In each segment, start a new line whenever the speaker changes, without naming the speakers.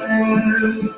you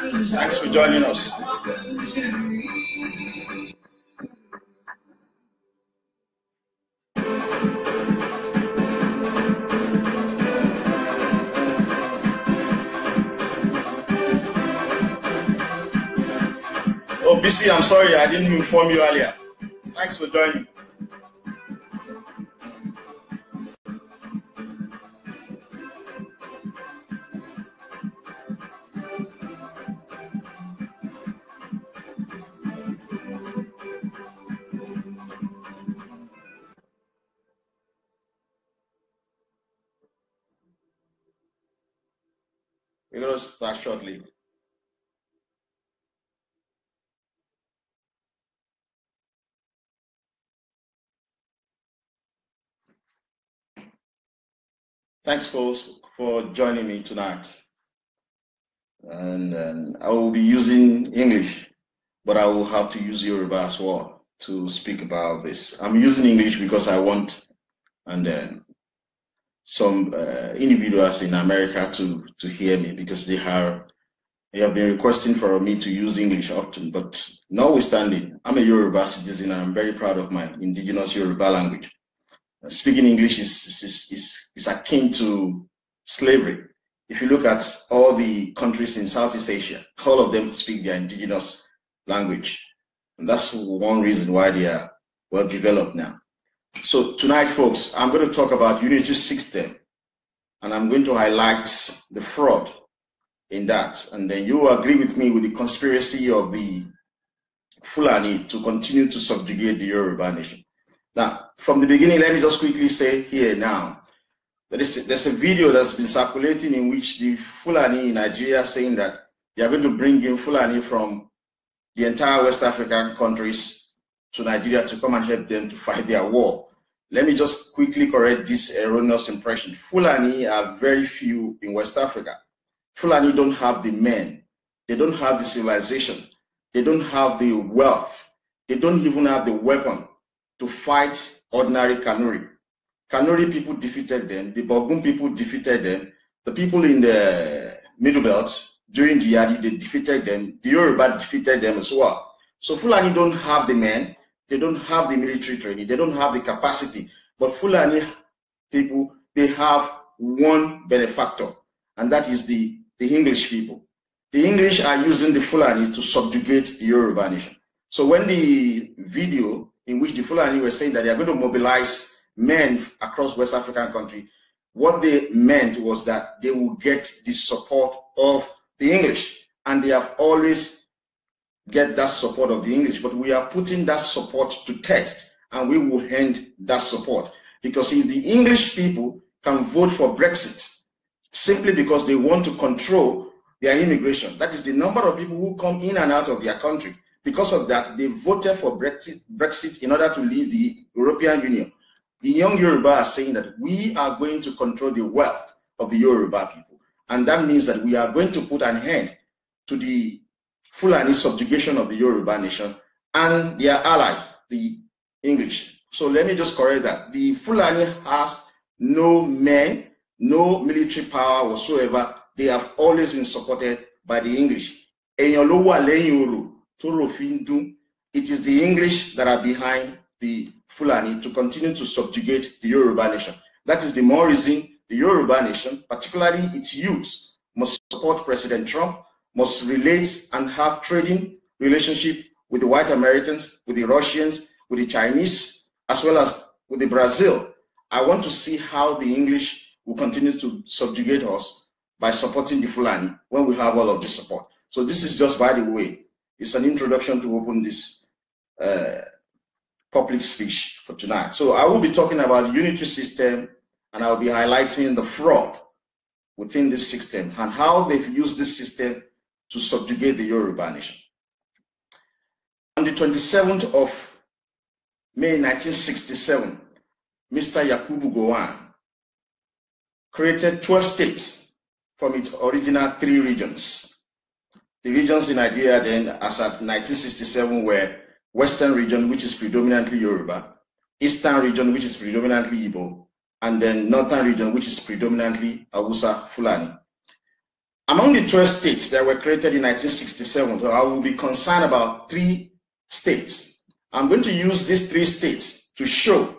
Thanks for joining us.
Oh, BC, I'm sorry I didn't inform you earlier. Thanks for joining.
We're going to start shortly. Thanks, folks, for joining me tonight. And um, I will be using English,
but I will have to use Yoruba as well to speak about this. I'm using English because I want, and then um, some uh, individuals in America to to hear me because they have they have been requesting for me to use English often. But notwithstanding, I'm a Yoruba citizen and I'm very proud of my indigenous Yoruba language. speaking English is is, is is akin to slavery. If you look at all the countries in Southeast Asia, all of them speak their indigenous language. And that's one reason why they are well developed now. So tonight, folks, I'm going to talk about unity system, and I'm going to highlight the fraud in that. And then you agree with me with the conspiracy of the Fulani to continue to subjugate the Yoruba nation. Now, from the beginning, let me just quickly say here now, there is, there's a video that's been circulating in which the Fulani in Nigeria saying that they are going to bring in Fulani from the entire West African countries to Nigeria to come and help them to fight their war. Let me just quickly correct this erroneous impression. Fulani are very few in West Africa. Fulani don't have the men, they don't have the civilization, they don't have the wealth, they don't even have the weapon to fight ordinary Kanuri. Kanuri people defeated them, the Bogun people defeated them, the people in the Middle Belt during the Yadi, they defeated them, the Yoruba defeated them as well. So Fulani don't have the men, they don't have the military training. They don't have the capacity. But Fulani people, they have one benefactor, and that is the, the English people. The English are using the Fulani to subjugate the Yoruba nation. So when the video in which the Fulani were saying that they are going to mobilize men across West African country, what they meant was that they will get the support of the English. And they have always get that support of the English, but we are putting that support to test and we will hand that support. Because if the English people can vote for Brexit simply because they want to control their immigration, that is the number of people who come in and out of their country. Because of that, they voted for Brexit, Brexit in order to leave the European Union. The young Yoruba are saying that we are going to control the wealth of the Yoruba people. And that means that we are going to put an end to the Fulani subjugation of the Yoruba nation and their allies, the English. So let me just correct that. The Fulani has no men, no military power whatsoever. They have always been supported by the English. Èèyàn ló wà lẹ́yìn It is the English that are behind the Fulani to continue to subjugate the Yoruba nation. That is the more reason the Yoruba nation, particularly its youth, must support President Trump must relate and have trading relationship with the white Americans, with the Russians, with the Chinese, as well as with the Brazil. I want to see how the English will continue to subjugate us by supporting the Fulani when we have all of the support. So this is just by the way, it's an introduction to open this uh, public speech for tonight. So I will be talking about the unitary system and I'll be highlighting the fraud within this system and how they've used this system to subjugate the Yoruba nation. On the 27th of May 1967, Mr. Yakubu Gowon created 12 states from its original three regions. The regions in Nigeria then, as at 1967, were Western region, which is predominantly Yoruba, Eastern region, which is predominantly Igbo, and then Northern region, which is predominantly Hausa Fulani. Among the 12 states that were created in 1967, I will be concerned about three states. I'm going to use these three states to show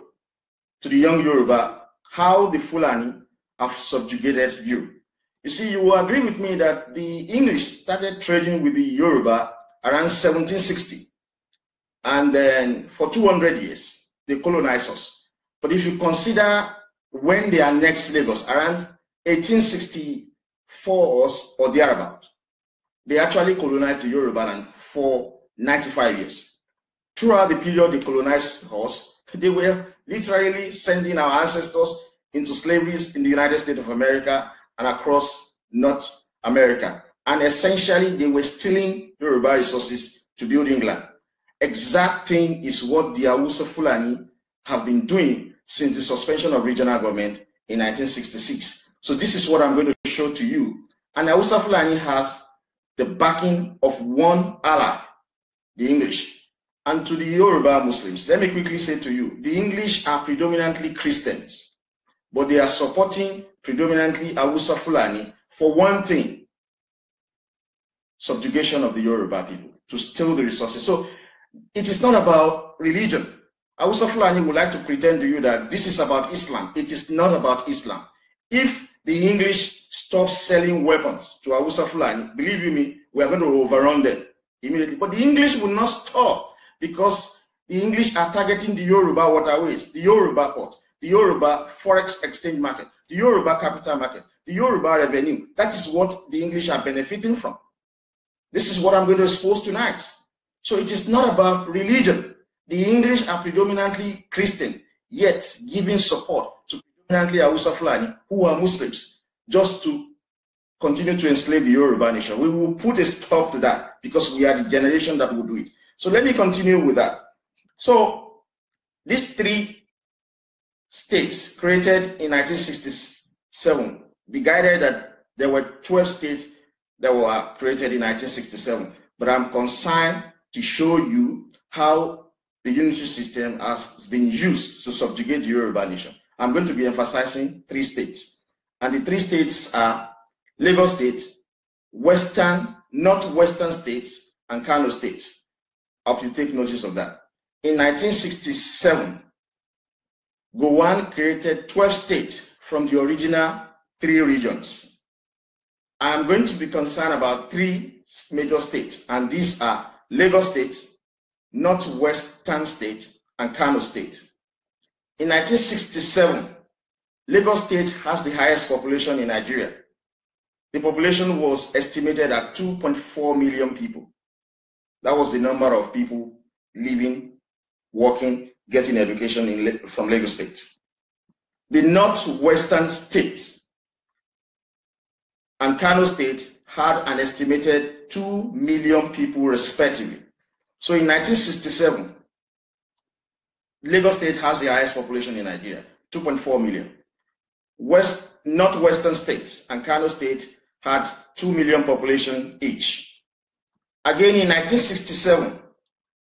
to the young Yoruba how the Fulani have subjugated you. You see, you will agree with me that the English started trading with the Yoruba around 1760. And then for 200 years, they colonized us. But if you consider when they annexed Lagos, around 1860, for us or thereabout. They actually colonized the Yoruba land for 95 years. Throughout the period they colonized us, they were literally sending our ancestors into slavery in the United States of America and across North America. And essentially, they were stealing Yoruba resources to build England. Exact thing is what the Awusa Fulani have been doing since the suspension of regional government in 1966 so this is what I'm going to show to you. And Awusafulani Fulani has the backing of one Allah, the English. And to the Yoruba Muslims, let me quickly say to you, the English are predominantly Christians, but they are supporting predominantly Awusafulani Fulani for one thing, subjugation of the Yoruba people, to steal the resources. So it is not about religion. Awusafulani Fulani would like to pretend to you that this is about Islam. It is not about Islam. If the English stopped selling weapons to Hausa Fulani, believe you me, we are going to overrun them immediately. But the English will not stop because the English are targeting the Yoruba waterways, the Yoruba port, the Yoruba forex exchange market, the Yoruba capital market, the Yoruba revenue. That is what the English are benefiting from. This is what I'm going to expose tonight. So it is not about religion. The English are predominantly Christian, yet giving support to Hausa Fulani, who are Muslims, just to continue to enslave the Yoruba nation. We will put a stop to that because we are the generation that will do it. So let me continue with that. So these three states created in 1967, be guided that there were 12 states that were created in 1967. But I'm concerned to show you how the unity system has been used to subjugate the Yoruba nation. I'm going to be emphasizing three states. And the three states are Lagos State, Western, Northwestern State, and Kano State. I hope you take notice of that. In 1967, Gowan created 12 states from the original three regions. I'm going to be concerned about three major states, and these are Lagos State, Northwestern State, and Kano State. In 1967, Lagos State has the highest population in Nigeria. The population was estimated at 2.4 million people. That was the number of people living, working, getting education in, from Lagos State. The northwestern state and Kano State had an estimated 2 million people respectively. So in 1967, Lagos State has the highest population in Nigeria, 2.4 million. West, northwestern State and Kano State had 2 million population each. Again, in 1967,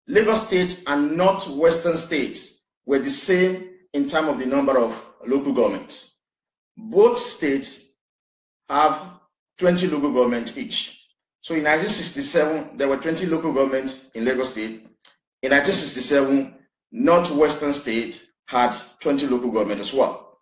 Lagos State and northwestern State were the same in terms of the number of local governments. Both states have 20 local governments each. So in 1967, there were 20 local governments in Lagos State. In 1967, Northwestern State had 20 local government as well.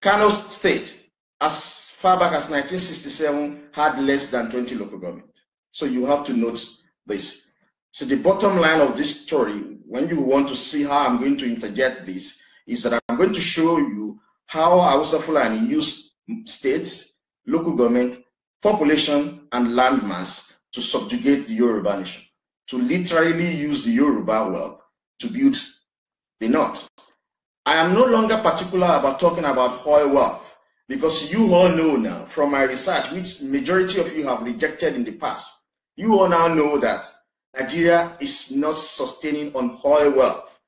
Kano State, as far back as 1967, had less than 20 local government. So you have to note this. So the bottom line of this story, when you want to see how I'm going to interject this, is that I'm going to show you how Hausa Fulani use states, local government, population, and landmass to subjugate the Yoruba nation, to literally use the Yoruba wealth to build the north. I am no longer particular about talking about oil wealth because you all know now from my research, which majority of you have rejected in the past, you all now know that Nigeria is not sustaining on oil wealth.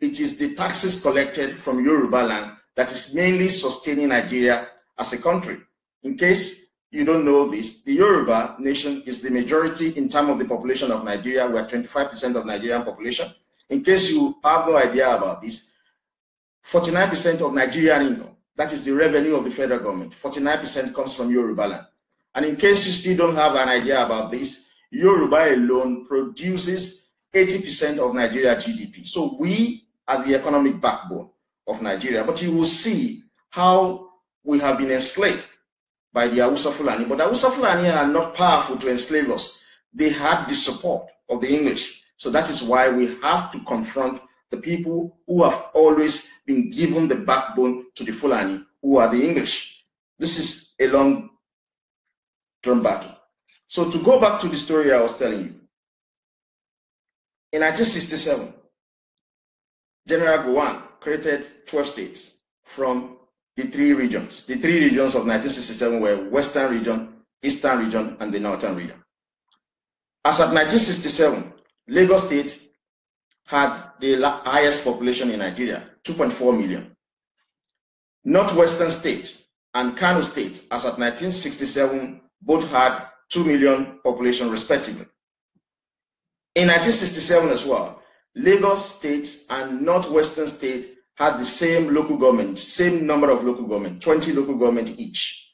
It is the taxes collected from Yoruba land that is mainly sustaining Nigeria as a country. In case you don't know this, the Yoruba nation is the majority in terms of the population of Nigeria. We are 25% of Nigerian population. In case you have no idea about this, 49% of Nigerian income, that is the revenue of the federal government, 49% comes from Yoruba land. And in case you still don't have an idea about this, Yoruba alone produces 80% of Nigeria GDP. So we are the economic backbone of Nigeria. But you will see how we have been enslaved by the Hausa Fulani. But the Hausa Fulani are not powerful to enslave us. They had the support of the English. So that is why we have to confront the people who have always been given the backbone to the Fulani, who are the English. This is a long
term battle. So to go back to the story I was telling you, in 1967, General Gowon created
12 states from the three regions. The three regions of 1967 were Western region, Eastern region, and the Northern region. As of 1967, Lagos State had the highest population in Nigeria, 2.4 million. Northwestern State and Kano State, as at 1967, both had 2 million population respectively. In 1967 as well, Lagos State and Northwestern State had the same local government, same number of local government, 20 local government each.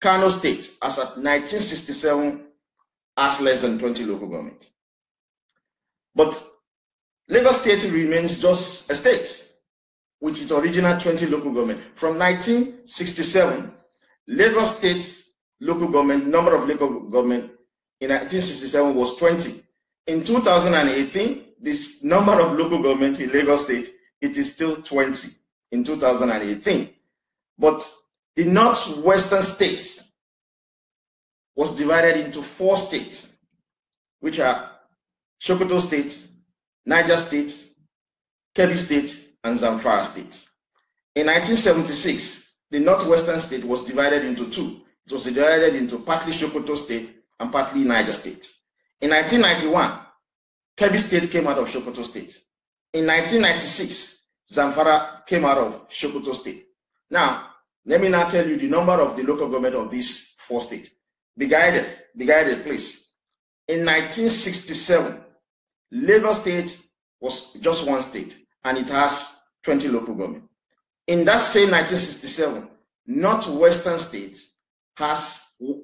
Kano State, as at 1967, has less than 20 local government. But Lagos State remains just a state with its original 20 local government. From 1967, Lagos State local government, number of local government in 1967 was 20. In 2018, this number of local government in Lagos State, it is still 20 in 2018. But the northwestern state was divided into four states, which are Sokoto State, Niger State, Kebbi State, and Zamfara State. In 1976, the northwestern state was divided into two. It was divided into partly Sokoto State and partly Niger State. In 1991, Kebbi State came out of Sokoto State. In 1996, Zamfara came out of Sokoto State. Now, let me now tell you the number of the local government of these four states. Be guided, be guided, please. In 1967, Lagos State was just one state and it has 20 local government. In that same 1967, Northwestern State has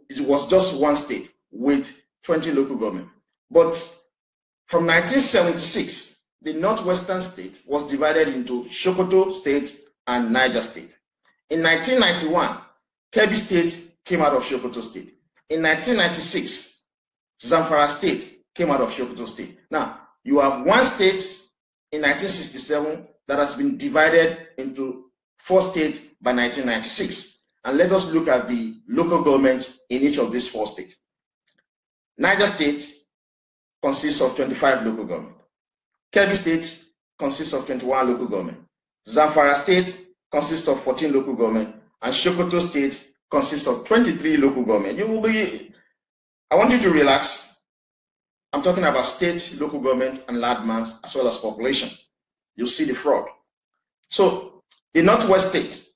it was just one state with 20 local government. But from 1976, the Northwestern State was divided into Sokoto State and Niger State. In 1991, Kebbi State came out of Sokoto State. In 1996, Zamfara State came out of Sokoto State. Now, you have one state in 1967 that has been divided into four states by 1996. And let us look at the local government in each of these four states. Niger State consists of 25 local government. Kebbi State consists of 21 local government. Zamfara State consists of 14 local government. And Shokoto State consists of 23 local government. You will be, I want you to relax I'm talking about state, local government, and landmass, as well as population. You see the fraud. So, the Northwest state,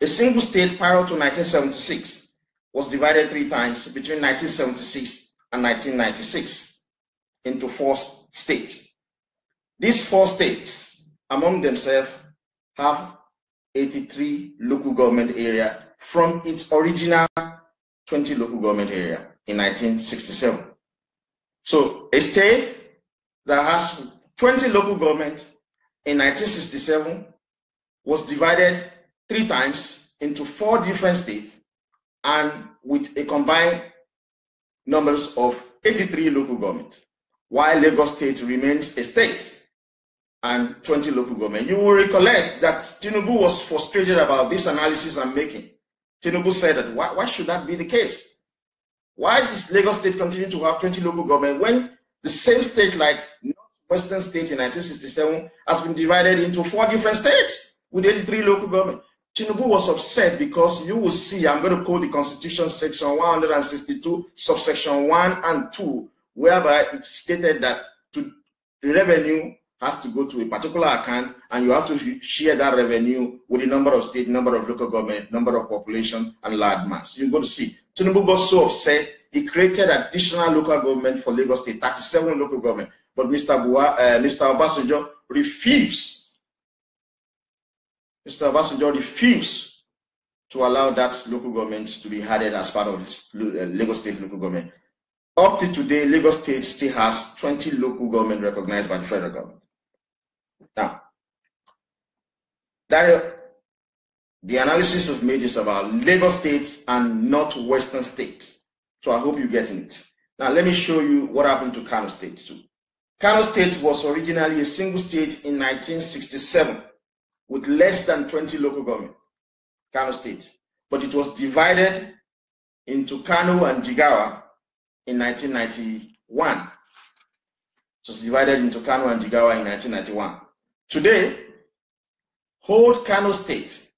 a single state prior to 1976, was divided three times between 1976 and 1996 into four states. These four states, among themselves, have 83 local government area from its original 20 local government area in 1967. So a state that has 20 local government in 1967 was divided three times into four different states and with a combined numbers of 83 local government, while Lagos State remains a state and 20 local government. You will recollect that Tinubu was frustrated about this analysis I'm making. Tinubu said that why, why should that be the case? Why is Lagos State continuing to have 20 local government when the same state, like Northwestern State in 1967, has been divided into four different states with 83 local government? Tinubu was upset because you will see, I'm going to quote the Constitution, section 162, subsection 1 and 2, whereby it stated that to, the revenue has to go to a particular account and you have to share that revenue with the number of state, number of local government, number of population, and land mass. You're going to see. Tinubu got so upset, he created additional local government for Lagos State, 37 local government. But Mr. Bua, uh, eh, Mr. Obasanjo refused. Mr. Obasanjo refused to allow that local government to be added as part of this eh, Lagos State local government. Up to today, Lagos State still has 20 local government recognized by the federal government. Now, that the analysis of have made is about Lagos State and Northwestern State. So I hope you're getting it. Now let me show you what happened to Kano State too. Kano State was originally a single state in 1967 with less than 20 local government, Kano State. But it was divided into Kano and Jigawa in 1991. So it's divided into Kano and Jigawa in 1991. Today, whole Kano State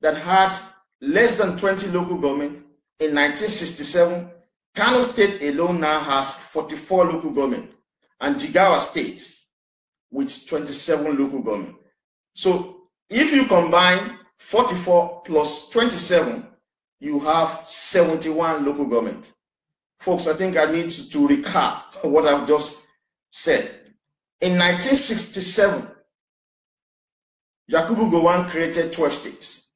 that had less than 20 local government in 1967, Kano State alone now has 44 local government and Jigawa State with 27 local government. So if you combine 44 plus 27, you have 71 local government. Folks, I think I need to, to recap what I've just said. In 1967, Yakubu Gowon created 12 states.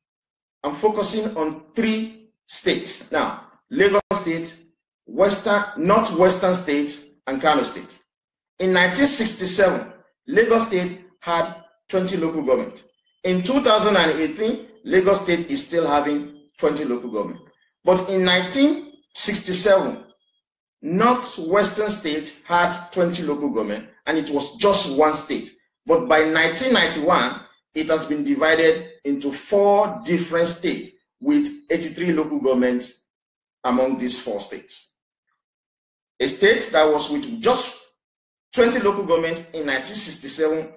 I'm focusing on three states now Lagos State, Western, Northwestern State, and Kano State. In 1967, Lagos State had 20 local government. In 2018, Lagos State is still having 20 local government. But in 1967, Northwestern State had 20 local government and it was just one state. But by 1991, it has been divided into four different states with 83 local governments among these four states. A state that was with just 20 local governments in 1967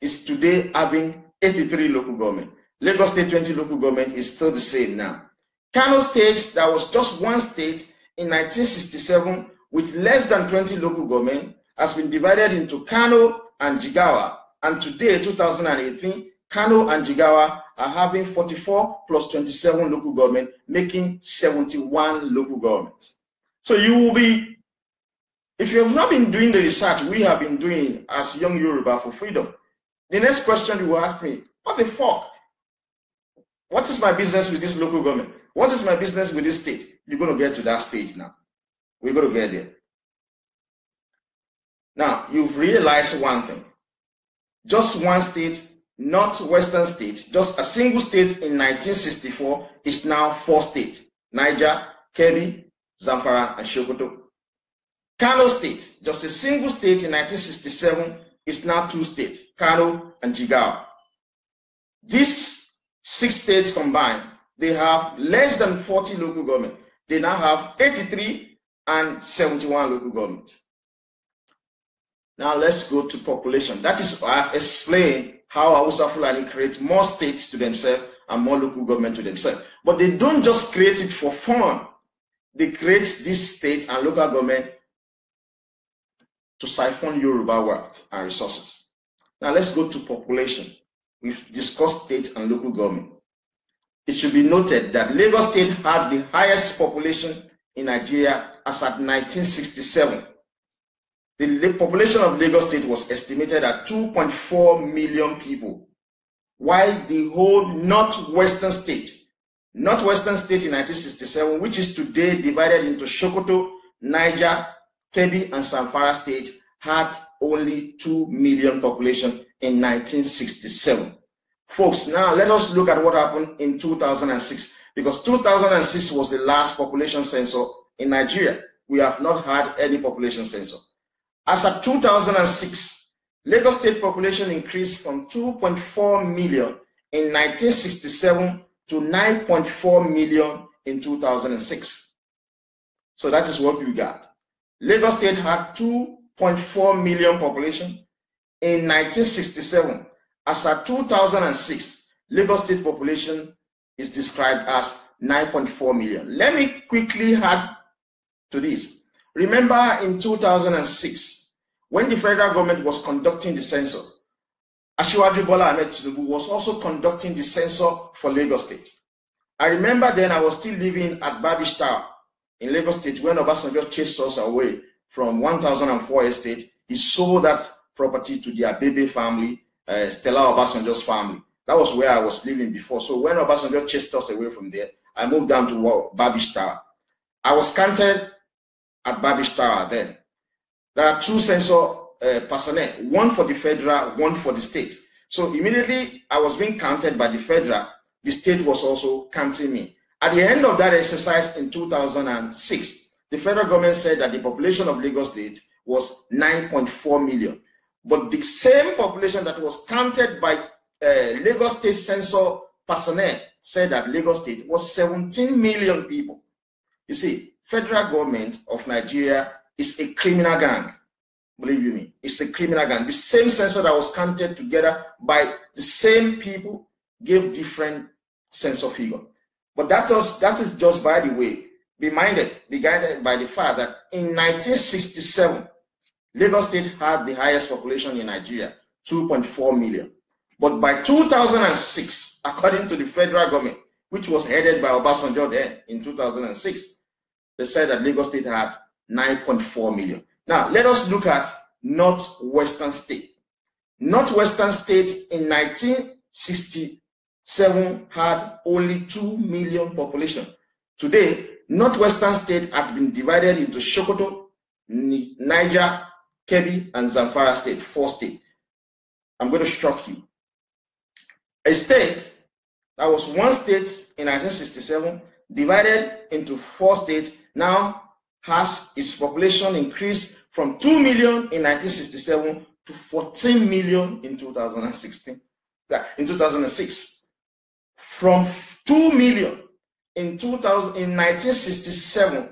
is today having 83 local governments. Lagos State 20 local government is still the same now. Kano State, that was just one state in 1967 with less than 20 local government, has been divided into Kano and Jigawa. And today, 2018, Kano and Jigawa are having 44 plus 27 local government, making 71 local government. So you will be, if you have not been doing the research we have been doing as young Yoruba for freedom, the next question you will ask me, what the fuck? What is my business with this local government? What is my business with this state? You're going to get to that stage now. We're going to get there. Now, you've realized one thing. Just one state not Western state, just a single state in 1964 is now four states, Niger, Kebbi, Zamfara, and Sokoto. Kano state, just a single state in 1967 is now two states, Kano and Jigawa. These six states combined, they have less than 40 local government. They now have 83 and 71 local government. Now let's go to population. That is, I've explained how Hausa Fulani create more states to themselves and more local government to themselves. But they don't just create it for fun. They create these states and local government to siphon Yoruba wealth and resources. Now let's go to population. We've discussed state and local government. It should be noted that Lagos State had the highest population in Nigeria as at 1967 the population of Lagos State was estimated at 2.4 million people, while the whole northwestern state, northwestern state in 1967, which is today divided into Sokoto, Niger, Kebbi, and Zamfara state, had only 2 million population in 1967. Folks, now let us look at what happened in 2006, because 2006 was the last population census in Nigeria. We have not had any population census. As of 2006, Lagos state population increased from 2.4 million in 1967 to 9.4 million in 2006. So that is what we got. Lagos state had 2.4 million population in 1967. As of 2006, Lagos state population is described as 9.4 million. Let me quickly add to this. Remember in 2006, when the federal government was conducting the census, Ashiwaju Bola Ahmed Tinubu was also conducting the census for Lagos State. I remember then I was still living at Babish Tower in Lagos State when Obasanjo chased us away from 1004 estate. He sold that property to the Abebe family, uh, Stella Obasanjo's family. That was where I was living before. So when Obasanjo chased us away from there, I moved down to Babish Tower. I was counted at Babish Tower then. There are two censor uh, personnel, one for the federal, one for the state. So immediately I was being counted by the federal, the state was also counting me. At the end of that exercise in 2006, the federal government said that the population of Lagos State was 9.4 million. But the same population that was counted by uh, Lagos State censor personnel said that Lagos State was 17 million people. You see, federal government of Nigeria is a criminal gang. Believe you me, it's a criminal gang. The same censor that was counted together by the same people gave different census figure. But that was that is just by the way. Be minded, be guided by the fact that in 1967, Lagos State had the highest population in Nigeria, 2.4 million. But by 2006, according to the federal government, which was headed by Obasanjo then in 2006, they said that Lagos State had 9.4 million. Now, let us look at Northwestern State. Northwestern State in 1967 had only 2 million population. Today, Northwestern State has been divided into Shokoto, Niger, Kebbi, and Zamfara State, four states. I'm going to shock you. A state that was one state in 1967 divided into four states now has its population increased from 2 million in 1967 to 14 million in 2016 in 2006 from 2 million in 2000 in 1967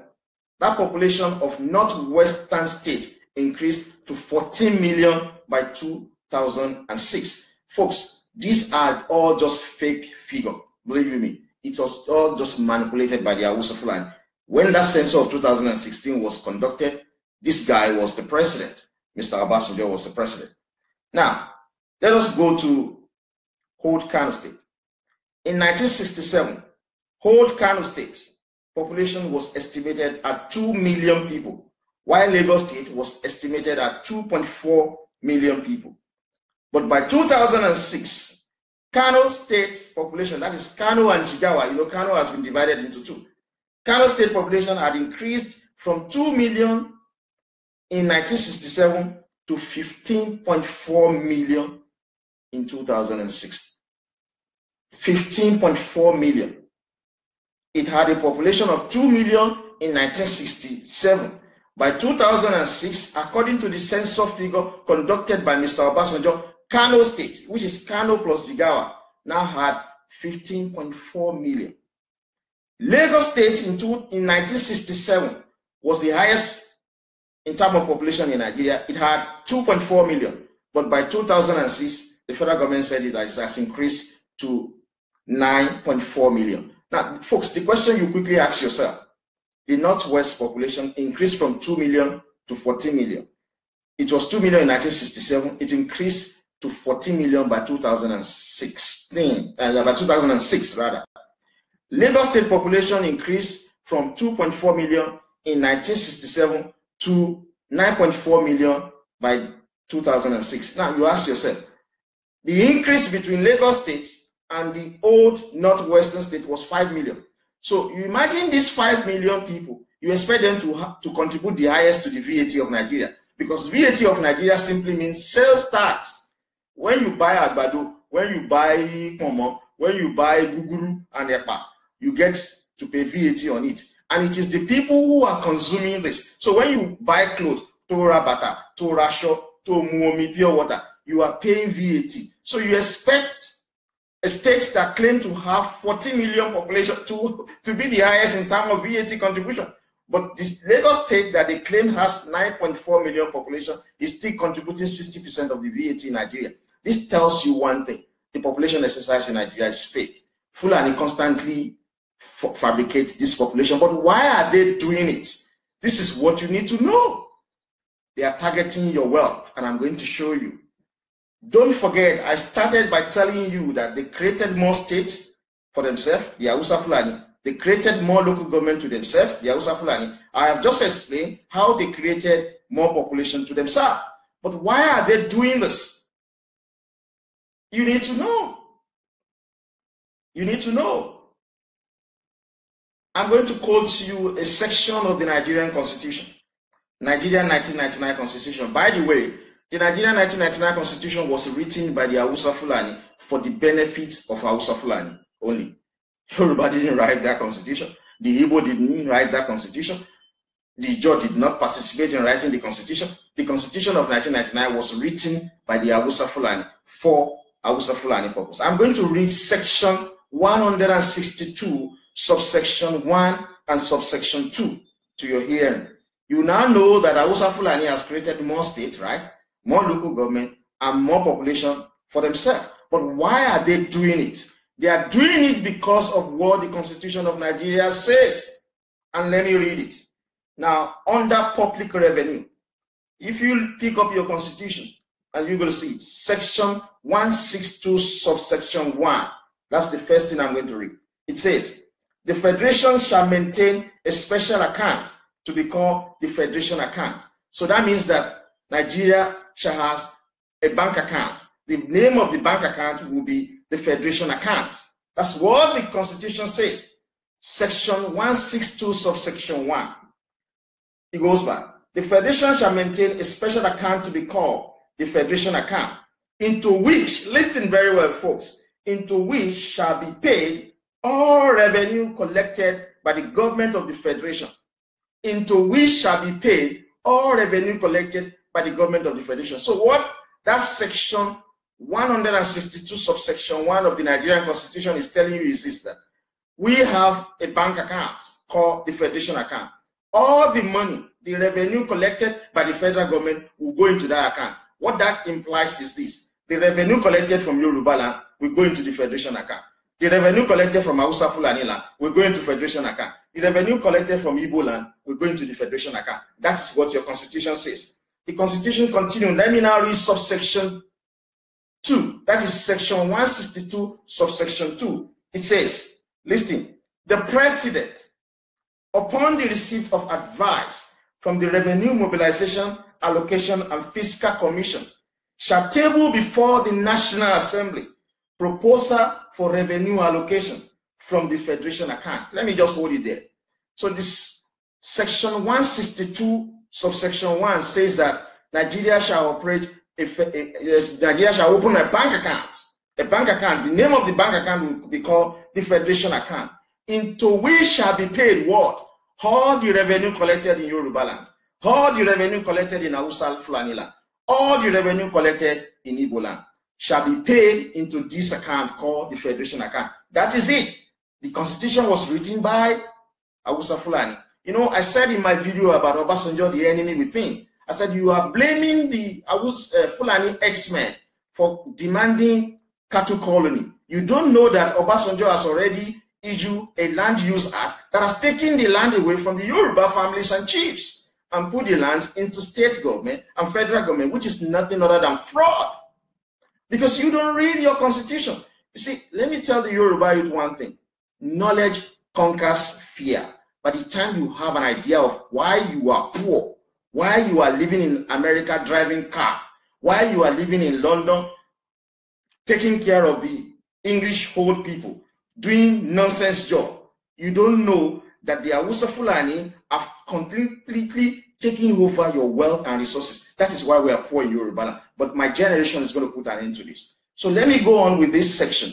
that population of northwestern state increased to 14 million by 2006 folks these are all just fake figure believe me it was all just manipulated by the Awusa Fulani when that census of 2016 was conducted, this guy was the president. Mr. Obasanjo was the president. Now, let us go to Kano State. In 1967, Kano State population was estimated at 2 million people, while Lagos State was estimated at 2.4 million people. But by 2006, Kano State's population, that is Kano and Jigawa, you know, Kano has been divided into two. Kano State population had increased from 2 million in 1967 to 15.4 million in 2006. 15.4 million. It had a population of 2 million in 1967. By 2006, according to the census figure conducted by Mr. Obasanjo, Kano State, which is Kano plus Zigawa, now had 15.4 million. Lagos State in, two, in 1967 was the highest in terms of population in Nigeria. It had 2.4 million, but by 2006, the federal government said it has, has increased to 9.4 million. Now, folks, the question you quickly ask yourself the Northwest population increased from 2 million to 14 million. It was 2 million in 1967, it increased to 14 million by 2016, uh, by 2006 rather. Lagos state population increased from 2.4 million in 1967 to 9.4 million by 2006. Now you ask yourself, the increase between Lagos state and the old northwestern state was 5 million. So you imagine these 5 million people, you expect them to, to contribute the highest to the VAT of Nigeria because VAT of Nigeria simply means sales tax. When you buy agbado, when you buy pomo, when you buy guguru and epa, you get to pay VAT on it. And it is the people who are consuming this. So when you buy clothes, Torah butter, Torah shop, Tomuomi pure water, you are paying VAT. So you expect a state that claim to have 40 million population to, to be the highest in terms of VAT contribution. But this Lagos state that they claim has 9.4 million population is still contributing 60% of the VAT in Nigeria. This tells you one thing. The population exercise in Nigeria is fake. Fulani constantly fabricate this population, but why are they doing it? This is what you need to know. They are targeting your wealth, and I'm going to show you. Don't forget, I started by telling you that they created more states for themselves, the Hausa Fulani. They created more local government to themselves, the Hausa Fulani. I have just explained how they created more population to themselves. But why are
they doing this? You need to know. You need to know. I'm going to quote you a section
of the Nigerian Constitution, Nigerian 1999 Constitution. By the way, the Nigerian 1999 Constitution was written by the Hausa Fulani for the benefit of Hausa Fulani only. Yoruba didn't write that constitution. The Igbo didn't write that constitution. The judge did not participate in writing the constitution. The constitution of 1999 was written by the Hausa Fulani for Hausa Fulani purpose. I'm going to read section 162 subsection 1 and subsection 2 to your hearing. You now know that Hausa Fulani has created more states, right? More local government and more population for themselves. But why are they doing it? They are doing it because of what the Constitution of Nigeria says. And let me read it. Now, under public revenue, if you pick up your Constitution and you to see it, section 162, subsection 1. That's the first thing I'm going to read. It says, the federation shall maintain a special account to be called the federation account. So that means that Nigeria shall have a bank account. The name of the bank account will be the federation account. That's what the constitution says. Section 162, subsection 1. It goes by. The federation shall maintain a special account to be called the federation account, into which, listen very well, folks, into which shall be paid all revenue collected by the government of the federation, into which shall be paid all revenue collected by the government of the federation. So what that section 162 subsection 1 of the Nigerian constitution is telling you is, this: that we have a bank account called the federation account. All the money, the revenue collected by the federal government will go into that account. What that implies is this. The revenue collected from Yoruba land will go into the federation account. The revenue collected from Hausa Fulani land will go into Federation account. The revenue collected from Igbo land will go into the Federation account. That's what your constitution says. The constitution continues. Let me now read subsection 2. That is section 162, subsection 2. It says, listen, the president, upon the receipt of advice from the Revenue Mobilization, Allocation, and Fiscal Commission, shall table before the National Assembly proposal for revenue allocation from the federation account. Let me just hold it there. So this section 162 subsection 1 says that Nigeria shall operate Nigeria shall open a bank account. A bank account, the name of the bank account will be called the federation account, into which shall be paid what? All the revenue collected in Yoruba land, all the revenue collected in Hausa Fulani all the revenue collected in Igbo land shall be paid into this account called the Federation account. That is it. The constitution was written by Awusa Fulani. You know, I said in my video about Obasanjo, the enemy within, I said you are blaming the Awus, uh, Fulani X-Men for demanding cattle colony. You don't know that Obasanjo has already issued a land use act that has taken the land away from the Yoruba families and chiefs and put the land into state government and federal government, which is nothing other than fraud because you don't read your constitution. You see, let me tell the Yoruba youth one thing knowledge conquers fear. By the time you have an idea of why you are poor, why you are living in America driving car, why you are living in London taking care of the English old people, doing nonsense job, you don't know that the Awusa Fulani have completely taking over your wealth and resources. That is why we are poor in Yoruba. But my generation is going to put an end to this. So let me go on with this section.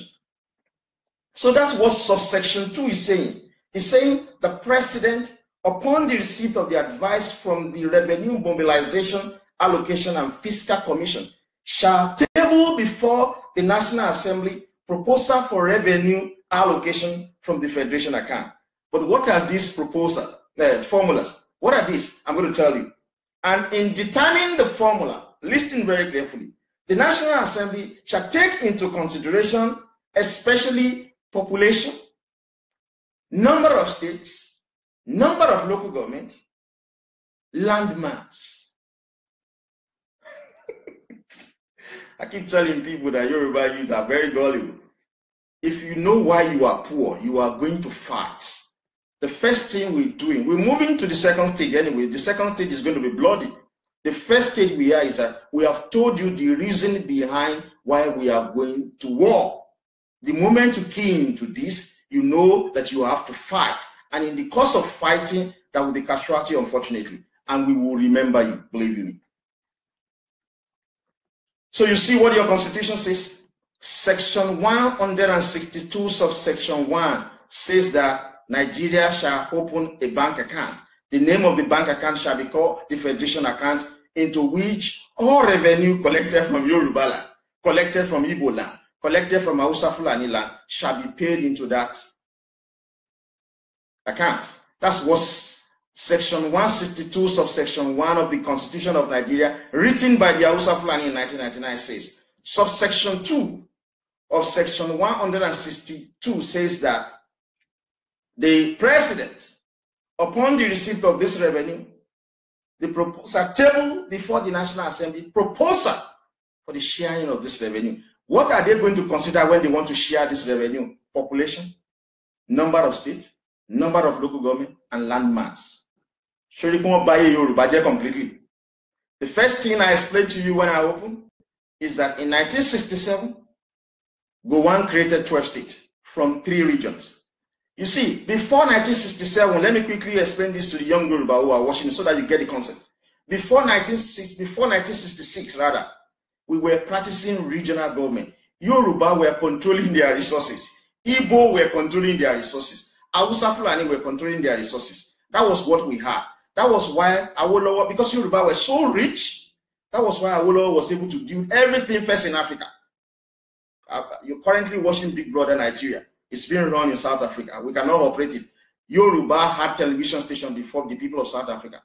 So that's what subsection 2 is saying. He's saying the president, upon the receipt of the advice from the Revenue Mobilization, Allocation and Fiscal Commission, shall table before the National Assembly proposal for revenue allocation from the federation account. But what are these proposal uh, formulas? What are these? I'm going to tell you. And in determining the formula, listen very carefully. The National Assembly shall take into consideration especially
population, number of states, number of local government, landmass. I keep telling people that Yoruba youth are very gullible. If you know
why you are poor, you are going to fight the first thing we're doing, we're moving to the second stage anyway. The second stage is going to be bloody. The first stage we are is that we have told you the reason behind why we are going to war. The moment you key into this, you know that you have to fight. And in the course of fighting, there will be casualty, unfortunately. And we will remember you, believe me. So you see what your constitution says? Section 162, subsection 1 says that Nigeria shall open a bank account. The name of the bank account shall be called the Federation account, into which all revenue collected from Yoruba land, collected from Igbo land, collected from Hausa Fulani land shall be paid into that account. That's what Section 162, subsection 1 of the Constitution of Nigeria, written by the Hausa Fulani in 1999, says. Subsection 2 of Section 162 says that the president, upon the receipt of this revenue, the proposal table before the National Assembly proposal for the sharing of this revenue. What are they going to consider when they want to share this revenue? Population, number of states, number of local government, and land mass. Shorikumo Baye Yoruba completely. The first thing I explained to you when I opened is that in 1967, Gowan created 12 states from three regions. You see, before 1967, let me quickly explain this to the young Yoruba who are watching so that you get the concept. Before, before 1966, rather, we were practicing regional government. Yoruba were controlling their resources. Igbo were controlling their resources. Hausa Fulani were controlling their resources. That was what we had. That was why Awolowo, because Yoruba were so rich, that was why Awolowo was able to build everything first in Africa. Uh, you're currently watching Big Brother Nigeria is being run in South Africa. We cannot operate it. Yoruba had television station before the people of South Africa.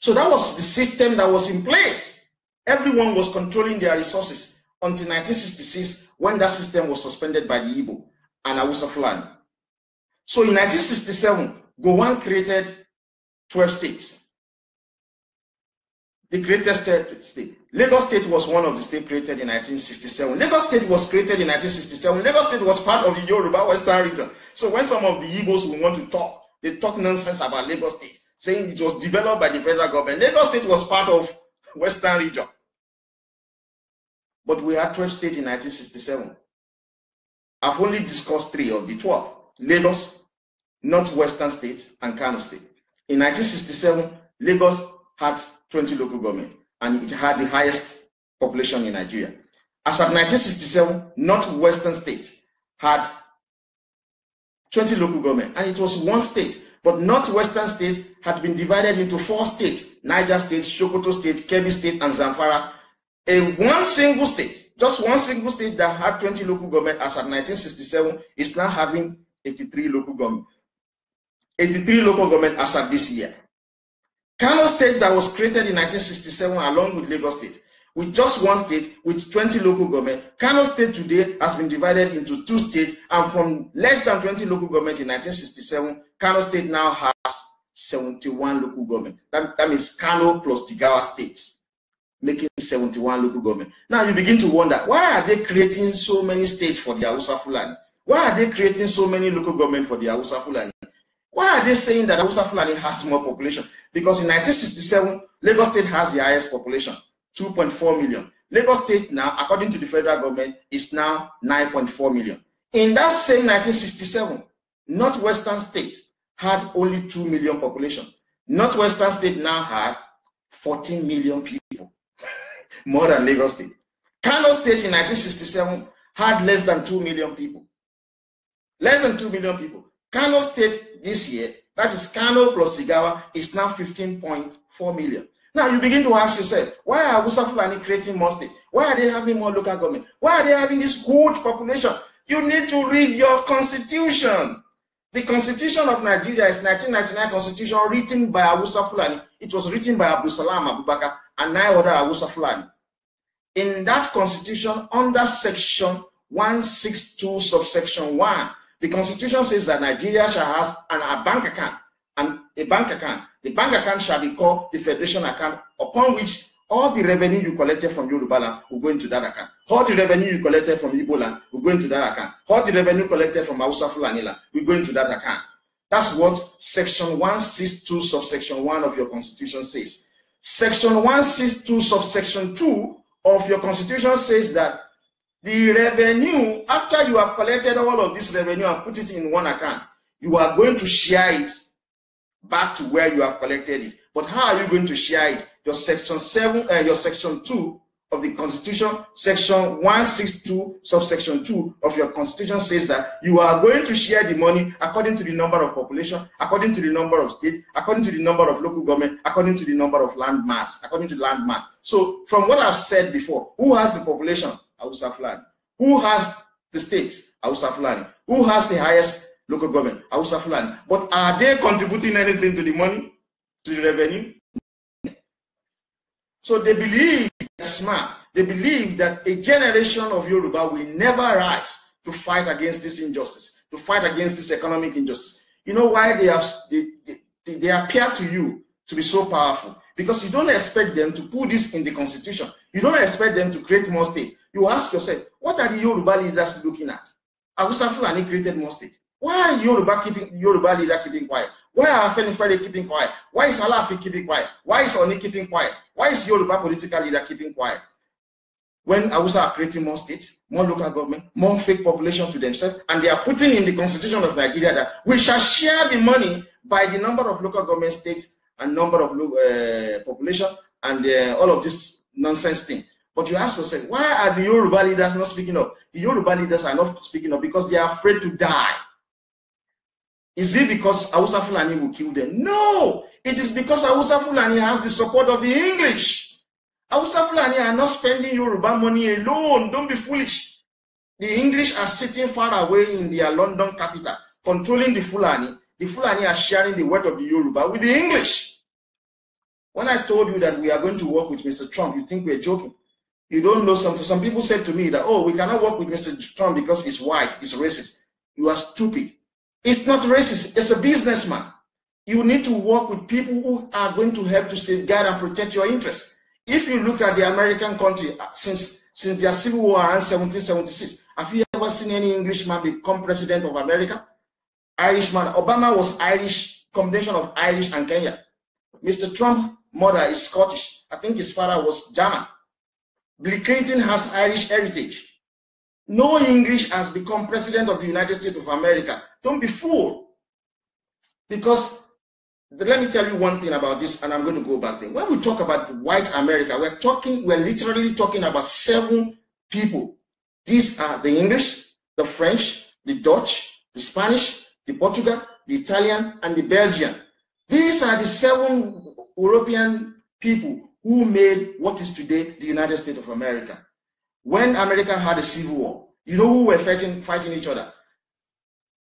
So that was the system that was in place. Everyone was controlling their resources until 1966 when that system was suspended by the Igbo
and Hausa Fulani. So in 1967, Gowan created 12 states the greatest state. Lagos
State was one of the states created in 1967. Lagos State was created in 1967. Lagos State was part of the Yoruba Western region. So when some of the Igbos will want to talk, they talk nonsense about Lagos State, saying it was developed by the federal government. Lagos State was part of Western region. But we had 12 states in 1967. I've only discussed three of the 12. Lagos, Northwestern State, and Kano State. In 1967, Lagos had 20 local government, and it had the highest population in Nigeria. As of 1967, Northwestern State had 20 local government, and it was one state. But Northwestern State had been divided into four states, Niger State, Sokoto State, Kebbi State, and Zamfara. A one single state, just one single state that had 20 local government as of 1967 is now having 83 local government. 83 local government as of this year. Kano State that was created in 1967 along with Lagos State, with just one state with 20 local government, Kano State today has been divided into two states and from less than 20 local government in 1967, Kano State now has 71 local government. That, that means Kano plus Tigawa states making 71 local government. Now you begin to wonder, why are they creating so many states for the Hausa Fulani? Why are they creating so many local government for the Hausa Fulani? Why are they saying that Hausa Fulani has more population? Because in 1967, Lagos State has the highest population, 2.4 million. Lagos State now, according to the federal government, is now 9.4 million. In that same 1967, Northwestern State had only 2 million population. Northwestern State now had 14 million people, more than Lagos State. Kano State in 1967 had less than 2 million people. Less than 2 million people. Kano State this year, that is Kano plus Sigawa, is now 15.4 million. Now you begin to ask yourself, why are Hausa Fulani creating more states? Why are they having more local government? Why are they having this huge population? You need to read your constitution. The constitution of Nigeria is 1999 constitution written by Hausa Fulani. It was written by Abdul Abubakar and nine other Hausa Fulani. In that constitution, under section 162 subsection 1, The constitution says that Nigeria shall have an, a bank account and a bank account. The bank account shall be called the federation account, upon which all the revenue you collected from Yoruba land will go into that account. All the revenue you collected from Igbo land will go into that account. All the revenue collected from Hausa Fulani land will go into that account. That's what section 162 subsection 1 of your constitution says. Section 162 subsection 2 of your constitution says that the revenue, after you have collected all of this revenue and put it in one account, you are going to share it back to where you have collected it. But how are you going to share it? Your section seven, uh, your section two of the Constitution, section 162, subsection 2 of your Constitution says that you are going to share the money according to the number of population, according to the number of states, according to the number of local government, according to the number of land mass, according to land mass. So, from what I've said before, who has the population? Hausa Fulani. Who has the state? Hausa Fulani. Who has the highest local government? Hausa Fulani. But are they contributing anything to the money, to the revenue? So they believe they're smart. They believe that a generation of Yoruba will never rise to fight against this injustice, to fight against this economic injustice. You know why they have they, they, they appear to you to be so powerful? Because you don't expect them to put this in the constitution. You don't expect them to create more state. You ask yourself, what are the Yoruba leaders looking at? Agusa Fulani created more state. Why are Yoruba, keeping, Yoruba leader keeping quiet? Why are Friday keeping quiet? Why is Alafi keeping quiet? Why is Oni keeping quiet? Why is Yoruba political leader keeping quiet? When Awusa are creating more state, more local government, more fake population to themselves, and they are putting in the constitution of Nigeria that we shall share the money by the number of local government states and number of uh, population and uh, all of this nonsense thing. But you ask yourself, why are the Yoruba leaders not speaking up? The Yoruba leaders are not speaking up because they are afraid to die. Is it because Awusa Fulani will kill them? No, it is because Awusa Fulani has the support of the English. Awusa Fulani are not spending Yoruba money alone. Don't be foolish. The English are sitting far away in their London capital, controlling the Fulani. The Fulani are sharing the wealth of the Yoruba with the English. When I told you that we are going to work with Mr. Trump, you think we're joking. You don't know something. Some people said to me that, oh, we cannot work with Mr. Trump because he's white, he's racist. You are stupid. It's not racist, it's a businessman. You need to work with people who are going to help to safeguard and protect your interests. If you look at the American country uh, since since their civil war in 1776, have you ever seen any Englishman become president of America? Irishman. Obama was Irish, combination of Irish and Kenya. Mr. Trump's mother is Scottish. I think his father was German. Bill Clinton has Irish heritage. No English has become president of the United States of America. Don't be fooled. Because let me tell you one thing about this, and I'm going to go back there. When we talk about white America, we're talking, we're literally talking about seven people. These are the English, the French, the Dutch, the Spanish, the Portugal, the Italian, and the Belgian. These are the seven European people who made what is today the United States of America. When America had a civil war, you know who were fighting, fighting each other?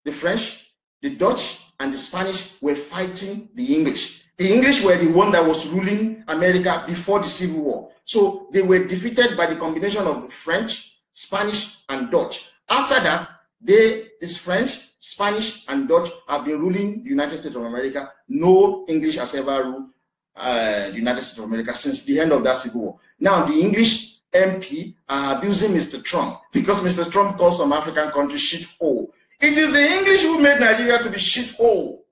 The French, the Dutch, and the Spanish were fighting the English. The English were the one that was ruling America before the Civil War. So they were defeated by the combination of the French, Spanish, and Dutch. After that, they, this French, Spanish, and Dutch have been ruling the United States of America. No English has ever ruled the uh, United States of America since the end of that civil war. Now, the English MP are abusing Mr. Trump because Mr. Trump calls some African countries shit hole. It is the English who made Nigeria to be shit hole.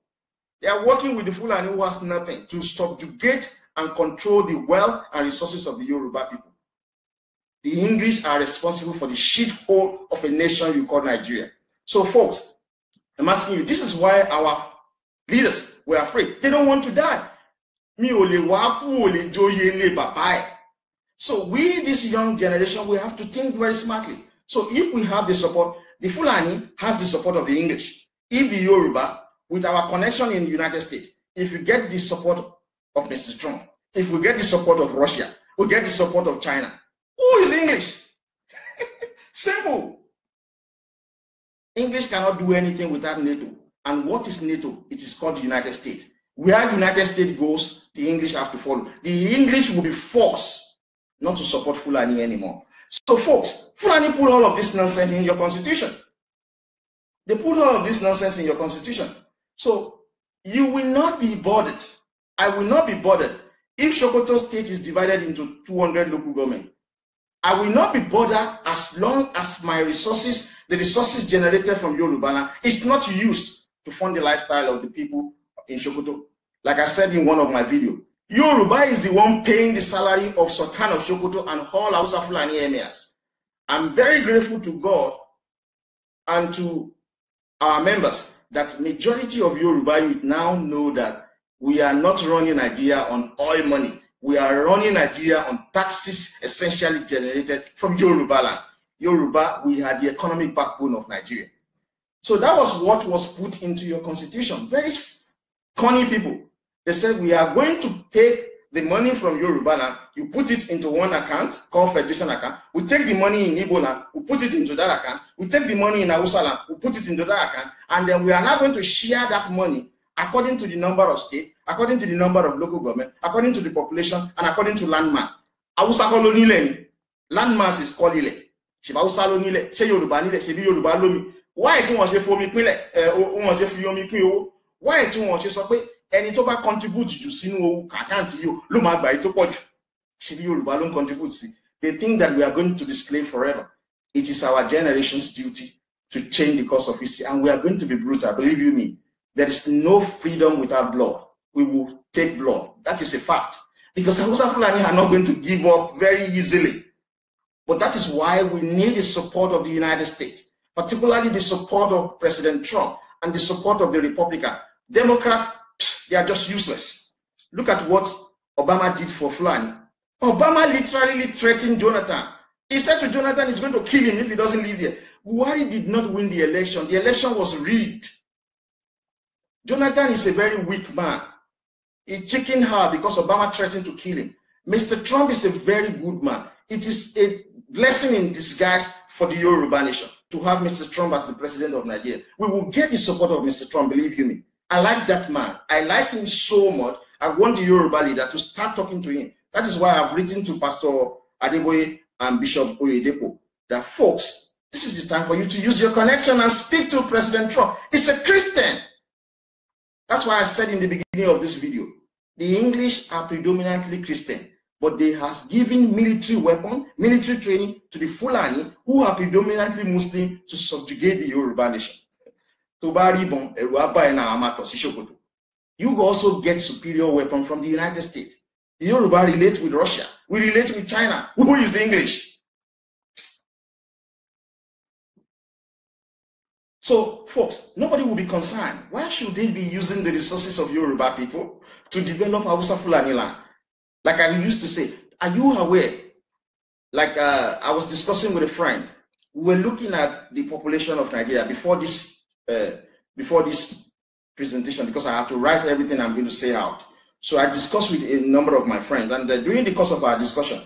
They are working with the and who has nothing to subjugate and control the wealth and resources of the Yoruba people. The English are responsible for the shit hole of a nation you call Nigeria. So, folks, I'm asking you, this is why our leaders were afraid. They don't want to die mi ò lè wá kú ò lè joyè bàbá ẹ̀ so we this young generation we have to think very smartly so if we have the support the Fulani has the support of the English if the Yoruba with our connection in the United States if we get the support of Mr. Trump if we get the support of Russia we get the support of China who is English simple English cannot do anything without NATO and what is NATO it is called the United States where United States goes the English have to follow. The English will be forced not to support Fulani anymore. So, folks, Fulani put all of this nonsense in your constitution. They put all of this nonsense in your constitution. So, you will not be bothered. I will not be bothered if Shokoto state is divided into 200 local government. I will not be bothered as long as my resources, the resources generated from Yorubana, is not used to fund the lifestyle of the people in Shokoto like I said in one of my videos, Yoruba is the one paying the salary of Sultan of Shokoto and all Hausa Fulani emirs. I'm very grateful to God and to our members that majority of Yoruba now know that we are not running Nigeria on oil money. We are running Nigeria on taxes essentially generated from Yoruba land. Yoruba, we are the economic backbone of Nigeria. So that was what was put into your constitution. Very funny people. They said, we are going to take the money from Yoruba land, you put it into one account called Federation account. We take the money in Igbo land, we put it into that account. We take the money in Hausa we put it into that account. And then we are now going to share that money according to the number of states, according to the number of local government, according to the population, and according to landmass. Hausa kọ́ nílẹ̀ landmass is kọ́ nílẹ̀. Ṣèbá Hausa ló nílẹ̀, Yorùbá nílẹ̀, shebi Yorùbá lómi. Why do you want to omi pínlẹ̀, wọ́n ṣe fi omi pín owó? Why tí wọ́n ṣe sọ pé ẹni tó bá contribute jù sínú àkáǹtì yìí ló máa gbà yìí tó pọ̀ jù ṣebí Yorùbá ló ń contribute sí they think that we are going to be slave forever it is our generation's duty to change the course of history and we are going to be brutal believe you me there is no freedom without blood we will take blood that is a fact because Hausa Fulani are not going to give up very easily but that is why we need the support of the United States particularly the support of President Trump and the support of the Republican Democrat they are just useless. Look at what Obama did for Fulani. Obama literally threatened Jonathan. He said to Jonathan, he's going to kill him if he doesn't leave there. Buhari did not win the election. The election was rigged. Jonathan is a very weak man. He chickened her because Obama threatened to kill him. Mr. Trump is a very good man. It is a blessing in disguise for the Yoruba nation to have Mr. Trump as the president of Nigeria. We will get the support of Mr. Trump, believe you me. I like that man. I like him so much. I want the Yoruba leader to start talking to him. That is why I've written to Pastor Adeboye and Bishop Oyedepo that folks, this is the time for you to use your connection and speak to President Trump. He's a Christian. That's why I said in the beginning of this video, the English are predominantly Christian, but they have given military weapon, military training to the Fulani, who are predominantly Muslim, to subjugate the Yoruba nation tó bá rí ìbọn and àbá ẹ̀ you also get superior
weapon from the United States the Yoruba relate with Russia we relate with China who is the English So, folks, nobody will be concerned. Why should they be using the resources of Yoruba people to
develop Hausa Fulani land? Like I used to say, are you aware? Like uh, I was discussing with a friend, we were looking at the population of Nigeria before this uh, before this presentation because I have to write everything I'm going to say out. So I discussed with a number of my friends, and uh, during the course of our discussion,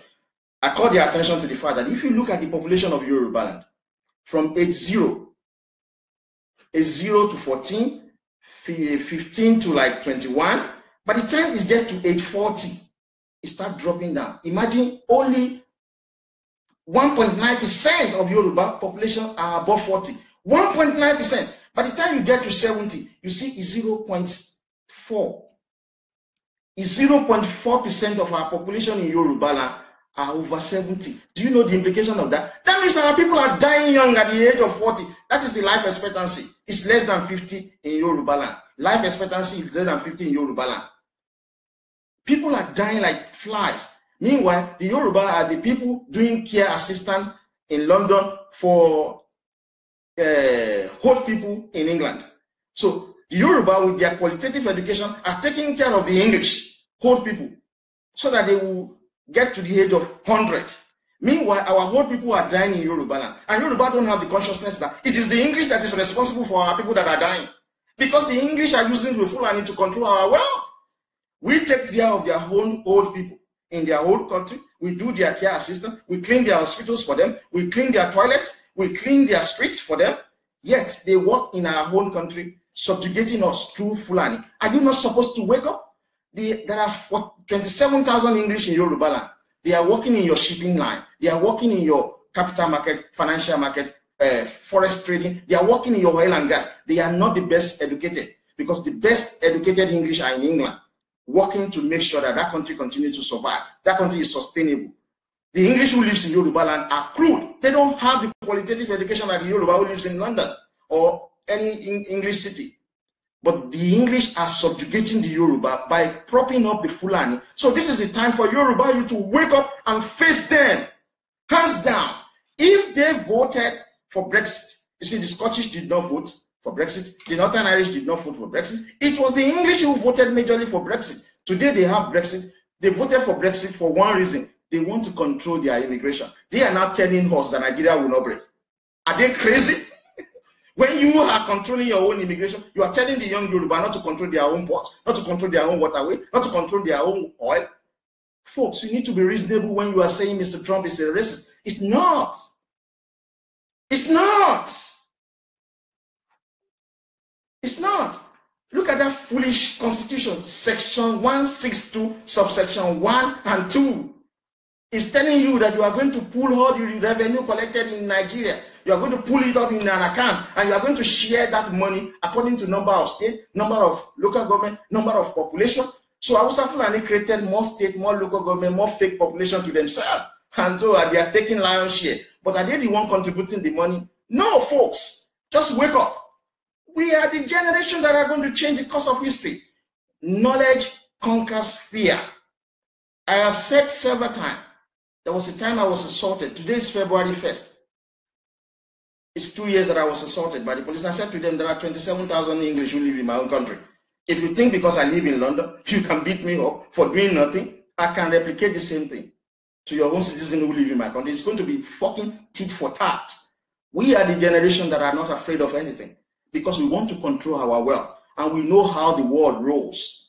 I called their attention to the fact that if you look at the population of Yoruba land, from age zero, age zero to 14, uh, 15 to like 21, by the time it gets to age 40, it starts dropping down. Imagine only 1.9% of Yoruba population are above 40. 1.9%. By the time you get to 70, you see is 0.4. Is 0.4% of our population in Yoruba are over 70. Do you know the implication of that? That means our people are dying young at the age of 40. That is the life expectancy. It's less than 50 in Yoruba Life expectancy is less than 50 in Yoruba People are dying like flies. Meanwhile, the Yoruba are the people doing care assistant in London for uh, hold people in England. So Yoruba, with their qualitative education, are taking care of the English old people so that they will get to the age of 100. Meanwhile, our old people are dying in Yoruba land. And Yoruba don't have the consciousness that it is the English that is responsible for our people that are dying. Because the English are using the Fulani to control our wealth. We take care of their own old people in their own country We do their care assistance. We clean their hospitals for them. We clean their toilets. We clean their streets for them. Yet they work in our own country, subjugating us through Fulani. Are you not supposed to wake up? there are 27,000 English in Yoruba land. They are working in your shipping line. They are working in your capital market, financial market, uh, forest trading. They are working in your oil and gas. They are not the best educated because the best educated English are in England. working to make sure that that country continues to survive. That country is sustainable. The English who lives in Yoruba land are crude. They don't have the qualitative education that the Yoruba who lives in London or any English city. But the English are subjugating the Yoruba by propping up the Fulani. So this is the time for Yoruba you to wake up and face them. Hands down. If they voted for Brexit, you see, the Scottish did not vote. for Brexit. The Northern Irish did not vote for Brexit. It was the English who voted majorly for Brexit. Today they have Brexit. They voted for Brexit for one reason. They want to control their immigration. They are now telling us that Nigeria will not break. Are they crazy? when you are controlling your own immigration, you are telling the young Yoruba not to control their own ports, not to control their own waterway, not to control their own oil. Folks, you need to be reasonable when you are saying Mr. Trump is a racist.
It's not. It's not. It's not. Look at that foolish constitution, section
162, subsection 1 and 2. It's telling you that you are going to pull all the revenue collected in Nigeria. You are going to pull it up in an account and you are going to share that money according to number of state, number of local government, number of population. So Hausa Fulani created more state, more local government, more fake population to themselves. And so they are taking lion's share. But are they the one contributing the money? No, folks. Just wake up. We are the generation that are going to change the course of history. Knowledge conquers fear. I have said several times, there was a time I was assaulted. Today is February 1st. It's two years that I was assaulted by the police. I said to them, there are 27,000 English who live in my own country. If you think because I live in London, you can beat me up for doing nothing, I can replicate the same thing to your own citizen who live in my country. It's going to be fucking tit for tat. We are the generation that are not afraid of anything because we want to control our wealth and we know how the world rolls.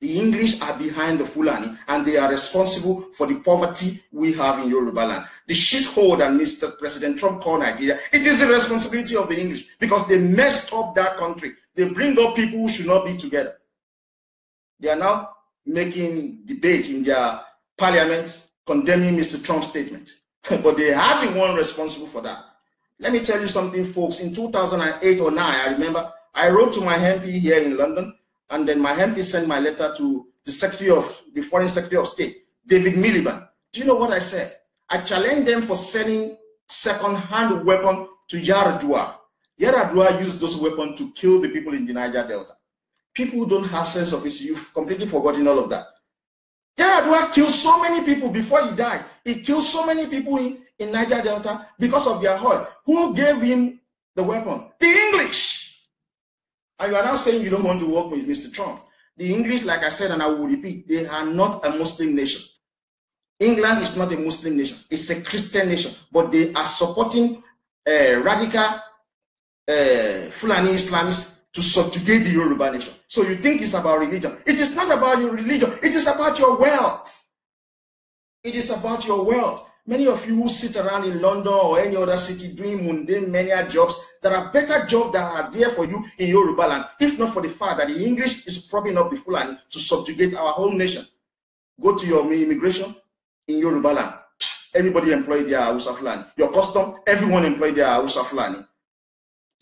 The English are behind the Fulani and they are responsible for the poverty we have in Yoruba land. The shithole that Mr. President Trump called Nigeria, it is the responsibility of the English because they messed up that country. They bring up people who should not be together. They are now making debate in their parliament condemning Mr. Trump's statement. but they are the one responsible for that. Let me tell you something, folks. In 2008 or 9, I remember I wrote to my MP here in London, and then my MP sent my letter to the Secretary of the Foreign Secretary of State, David Miliband. Do you know what I said? I challenged them for selling second-hand weapon to Yaradua. Yaradua used those weapons to kill the people in the Niger Delta. People who don't have sense of history, you've completely forgotten all of that. Yaradua killed so many people before he died. He killed so many people in, in Niger Delta because of their oil. Who gave him the weapon? The English. And you are now saying you don't want to work with Mr. Trump. The English, like I said, and I will repeat, they are not a Muslim nation. England is not a Muslim nation, it's a Christian nation, but they are supporting a uh, radical uh, Fulani Islamists to subjugate the Yoruba nation. So you think it's about religion. It is not about your religion, it is about your wealth. It is about your wealth. Many of you who sit around in London or any other city doing mundane menial jobs, there are better jobs that are there for you in Yoruba land, if not for the fact that the English is propping up the Fulani to subjugate our whole nation. Go to your immigration in Yoruba land. Everybody employed their Hausa Fulani. Your custom, everyone employed their Hausa Fulani.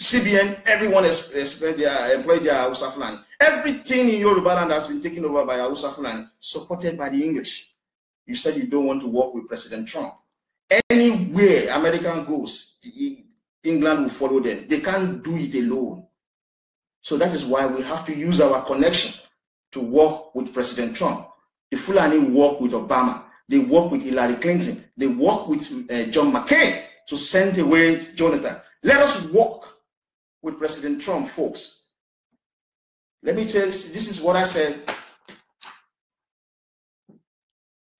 CBN, everyone has, has eh, their, employed their Hausa Fulani. Everything in Yoruba land has been taken over by Hausa Fulani, supported by the English. You said you don't want to work with President Trump. Anywhere American goes, England will follow them. They can't do it alone. So that is why we have to use our connection to work with President Trump. The Fulani work with Obama. They work with Hillary Clinton. They work with uh, John McCain to send away Jonathan. Let us work with President Trump, folks. Let me tell you, this is what I said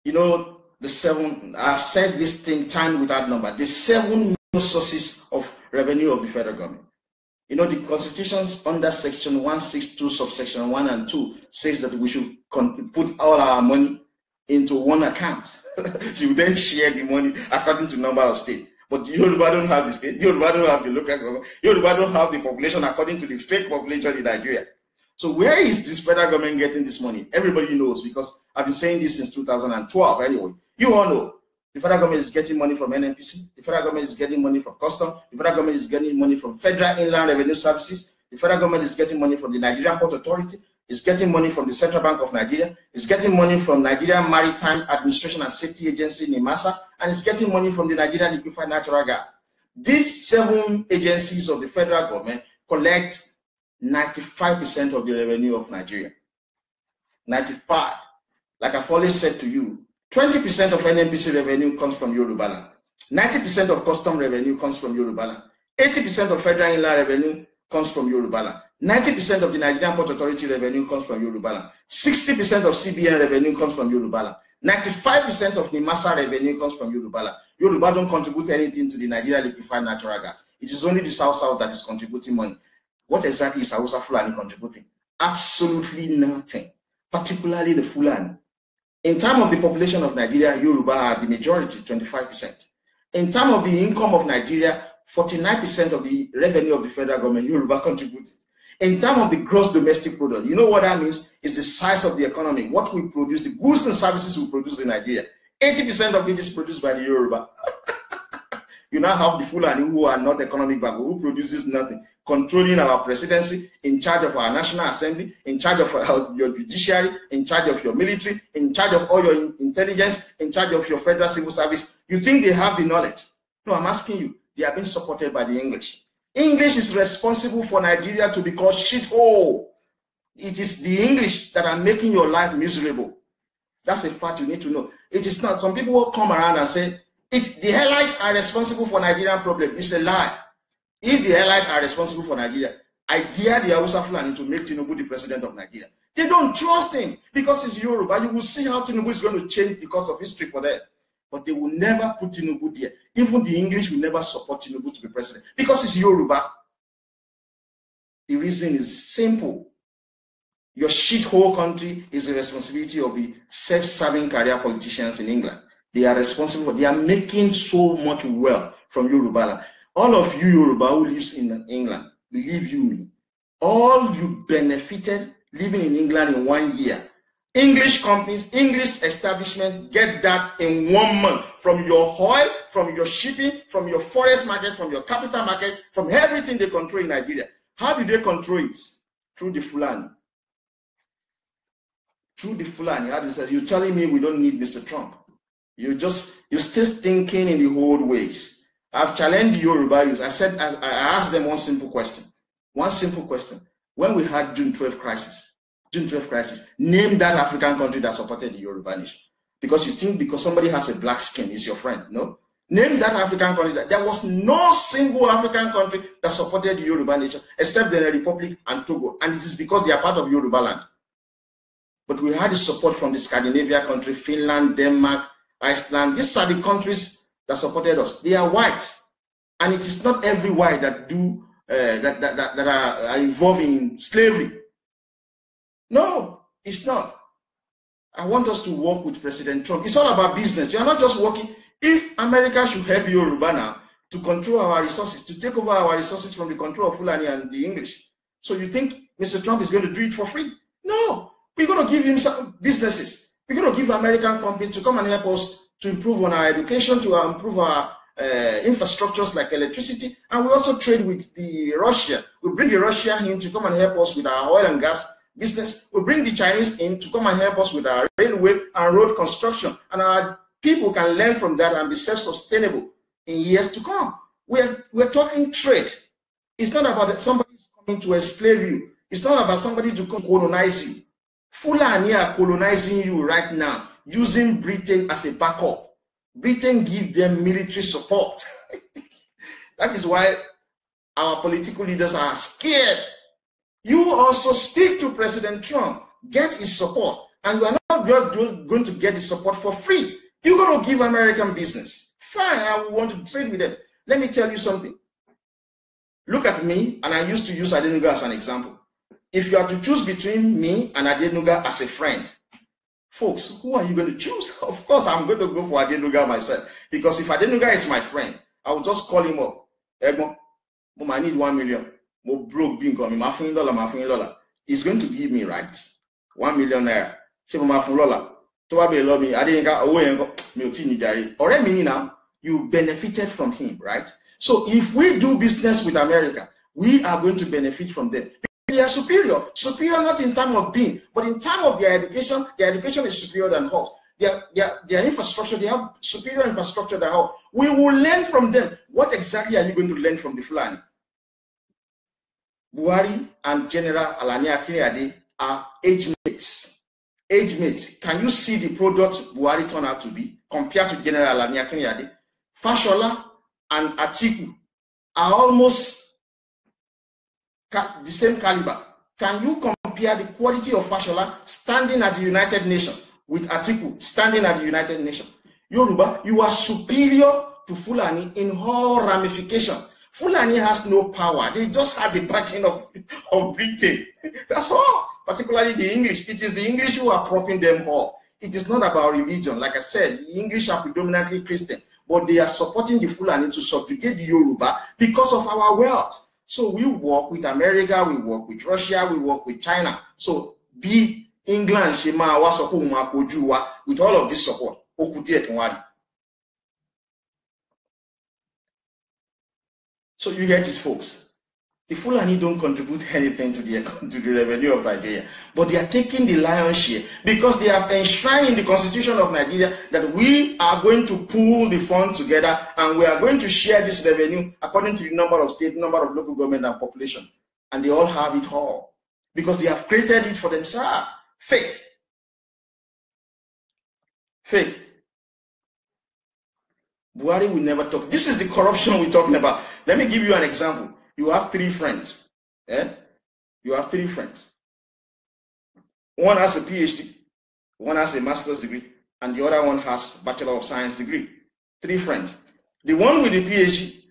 you know, the seven, I've said this thing time without number, the seven sources of revenue of the federal government. You know, the Constitution's under Section 162, subsection 1 and 2 says that we should put all our money into one account. you then share the money according to number of states. But Yoruba don't have the state, Yoruba don't have the local government, Yoruba don't have the population according to the fake population in Nigeria. So where is this federal government getting this money? Everybody knows because I've been saying this since 2012 anyway. You all know. The federal government is getting money from NNPC. The federal government is getting money from Customs. The federal government is getting money from Federal Inland Revenue Services. The federal government is getting money from the Nigerian Port Authority. It's getting money from the Central Bank of Nigeria. It's getting money from Nigeria Maritime Administration and Safety Agency, NIMASA. And it's getting money from the Nigeria Liquefied Natural Gas. These seven agencies of the federal government collect 95% of the revenue of Nigeria. 95. Like I've always said to you, 20% of NNPC revenue comes from Yorubala. 90% of custom revenue comes from Yorubala. 80% of federal inland revenue comes from Yorubala. 90% of the Nigerian Port Authority revenue comes from Yorubala. 60% of CBN revenue comes from Yorubala. 95% of Nimasa revenue comes from Yorubala. Yorubala don't contribute anything to the Nigeria liquefied natural gas. It is only the South South that is contributing money. What exactly is Hausa Fulani contributing? Absolutely nothing, particularly the Fulani. In terms of the population of Nigeria, Yoruba are the majority, 25%. In terms of the income of Nigeria, 49% of the revenue of the federal government, Yoruba contributed. In terms of the gross domestic product, you know what that means? It's the size of the economy, what we produce, the goods and services we produce in Nigeria. 80% of it is produced by the Yoruba. you now have the Fulani who are not economic background, who produces nothing controlling our presidency, in charge of our National Assembly, in charge of our, your judiciary, in charge of your military, in charge of all your intelligence, in charge of your federal civil service. You think they have the knowledge? No, I'm asking you. They are being supported by the English. English is responsible for Nigeria to be called shithole. It is the English that are making your life miserable. That's a fact you need to know. It is not. Some people will come around and say, it, the Hellites are responsible for Nigerian problem. It's a lie. If the allies are responsible for Nigeria, I dare the Hausa Fulani to make Tinubu the president of Nigeria. They don't trust him because he's Yoruba. You will see how Tinubu is going to change because of history for them. But they will never put Tinubu there. Even the English will never support Tinubu to be president because he's Yoruba. The reason is simple. Your shithole country is the responsibility of the self-serving career politicians in England. They are responsible. They are making so much wealth from Yoruba. All of you Yoruba who lives in England, believe you me, all you benefited living in England in one year. English companies, English establishment get that in one month from your oil, from your shipping, from your forest market, from your capital market, from everything they control in Nigeria. How do they control it? Through the Fulani. Through the Fulani. you You're telling me we don't need Mr. Trump. You just you still thinking in the old ways. I've challenged Yoruba youth. I said, I, I asked them one simple question. One simple question. When we had June 12 crisis, June 12 crisis, name that African country that supported the Yoruba nation. Because you think because somebody has a black skin is your friend. No. Name that African country. That, there was no single African country that supported the Yoruba nation except the Republic and Togo. And it is because they are part of Yoruba land. But we had the support from the Scandinavia country, Finland, Denmark, Iceland. These are the countries that supported us. They are white, and it is not every white that do uh, that, that, that, that are, are involved in slavery. No, it's not. I want us to work with President Trump. It's all about business. You are not just working. If America should help Yoruba now to control our resources, to take over our resources from the control of Fulani and the English, so you think Mr. Trump is going to do it for free? No. We're going to give him some businesses. We're going to give American companies to come and help us to improve on our education, to improve our uh, infrastructures like electricity. And we also trade with the Russia. We bring the Russia in to come and help us with our oil and gas business. We bring the Chinese in to come and help us with our railway and road construction. And our people can learn from that and be self-sustainable in years to come. We're, we're talking trade. It's not about that somebody's coming to enslave you. It's not about somebody to colonize you. Fulani are colonizing you right now using Britain as a backup. Britain give them military support. that is why our political leaders are scared. You also speak to President Trump, get his support, and you are not going to get the support for free. You're going to give American business.
Fine, I
want to trade with them. Let me tell you something. Look at me, and I used to use Adenuga as an example. If you are to choose between me and Adenuga as a friend, Folks, who are you going to choose? Of course, I'm going to go for Adenuga myself. Because if Adenuga is my friend, I will just call him up. Egbon, I need one million. Mo broke being coming. Ma fun dollar, ma He's going to give me right. One million naira. Ṣé mo máa lọ́la? Tó bá lọ mi, Adéyínká, owó yẹn mi ò ní Ọ̀rẹ́ now, you benefited from him, right? So if we do business with America, we are going to benefit from them. They are superior. Superior not in time of being, but in time of their education. Their education is superior than ours. Their, their, their infrastructure, they have superior infrastructure than ours. We will learn from them. What exactly are you going to learn from the Fulani? Buhari and General Alani Akiniade are age mates. Age mates. Can you see the product Buhari turned out to be compared to General Alani Akiniade? Fashola and Atiku are almost the same caliber, can you compare the quality of Fashola standing at the United Nations with Atiku standing at the United Nations? Yoruba, you are superior to Fulani in all ramification. Fulani has no power. They just have the backing of, of Britain. That's all. Particularly the English. It is the English who are propping them up. It is not about religion. Like I said, the English are predominantly Christian, but they are supporting the Fulani to subjugate the Yoruba because of our wealth. So we work with America, we work with Russia, we work with China. So be England ṣe máa wá sọ pé
òun wa with all of this support, ó kù díẹ̀ So you get it folks. The Fulani don't contribute
anything to the, to the revenue of Nigeria, but they are taking the lion's share because they have enshrined in the constitution of Nigeria that we are going to pool the funds together and we are going to share this revenue according to the number of state, number of local government, and population. And they all
have it all because they have created it for themselves. Fake. Fake. Buhari will never talk. This is the corruption we're talking about. Let me give you an example you have three friends. Eh? You have three friends. One has a PhD, one
has a master's degree, and the other one has Bachelor of Science degree. Three friends. The one with the PhD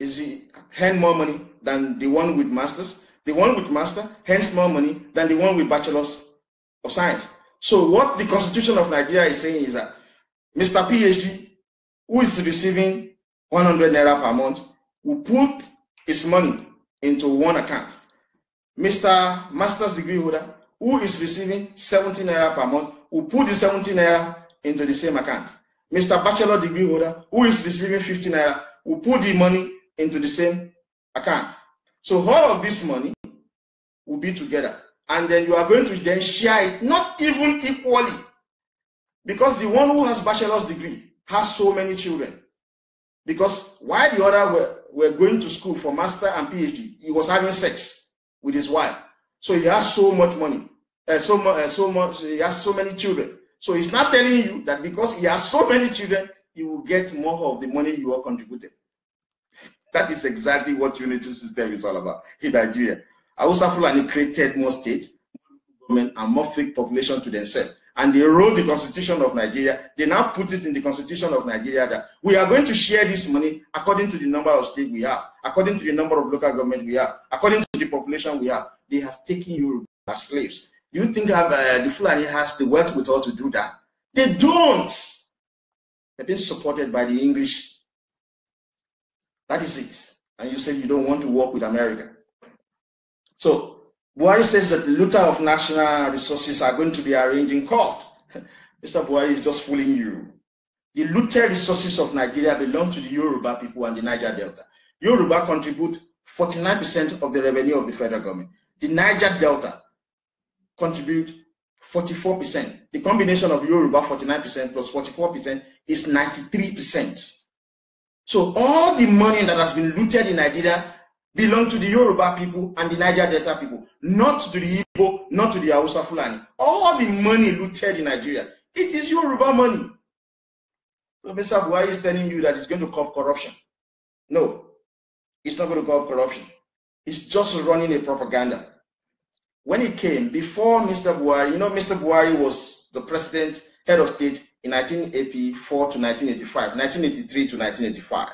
is he earn more money than the one with masters. The one with master earns more money than the one with bachelors of science. So what the constitution of Nigeria is saying is that Mr. PhD, who is receiving 100 naira per month, will put his money into one account. Mr. Master's degree holder, who is receiving 17 naira per month, will put the 17 naira into the same account. Mr. Bachelor degree holder, who is receiving fifteen naira, will put the money into the same account. So all of this money will be together. And then you are going to then share it, not even equally. Because the one who has bachelor's degree has so many children. Because why the other were going to school for master and PhD. He was having sex with his wife. So he has so much money, uh, so, uh, so much, he has so many children. So he's not telling you that because he has so many children, he will get more of the money you are contributing. That is exactly what unity system is all about in Nigeria. Hausa Fulani created more states, more government, and more fake population to themselves and they wrote the constitution of Nigeria. They now put it in the constitution of Nigeria that we are going to share this money according to the number of states we have, according to the number of local government we have, according to the population we have. They have taken you as slaves. You think have, uh, the Fulani has the wealth with all to do that? They don't. They've been supported by the English. That is it. And you say you don't want to work with America. So Buhari says that the looter of national resources are going to be arraigned in court. Mr. Buhari is just fooling you. The looted resources of Nigeria belong to the Yoruba people and the Niger Delta. Yoruba contribute 49% of the revenue of the federal government. The Niger Delta contribute 44%. The combination of Yoruba 49% plus 44% is 93%. So all the money that has been looted in Nigeria belong to the Yoruba people and the Niger Delta people, not to the Igbo, not to the Hausa Fulani. All the money looted in Nigeria, it is Yoruba money. So Mr. Buhari is telling you that it's going to curb corruption. No, it's not going to curb corruption. It's just running a propaganda. When he came, before Mr. Buhari, you know, Mr. Buhari was the president, head of state in 1984 to 1985, 1983 to 1985.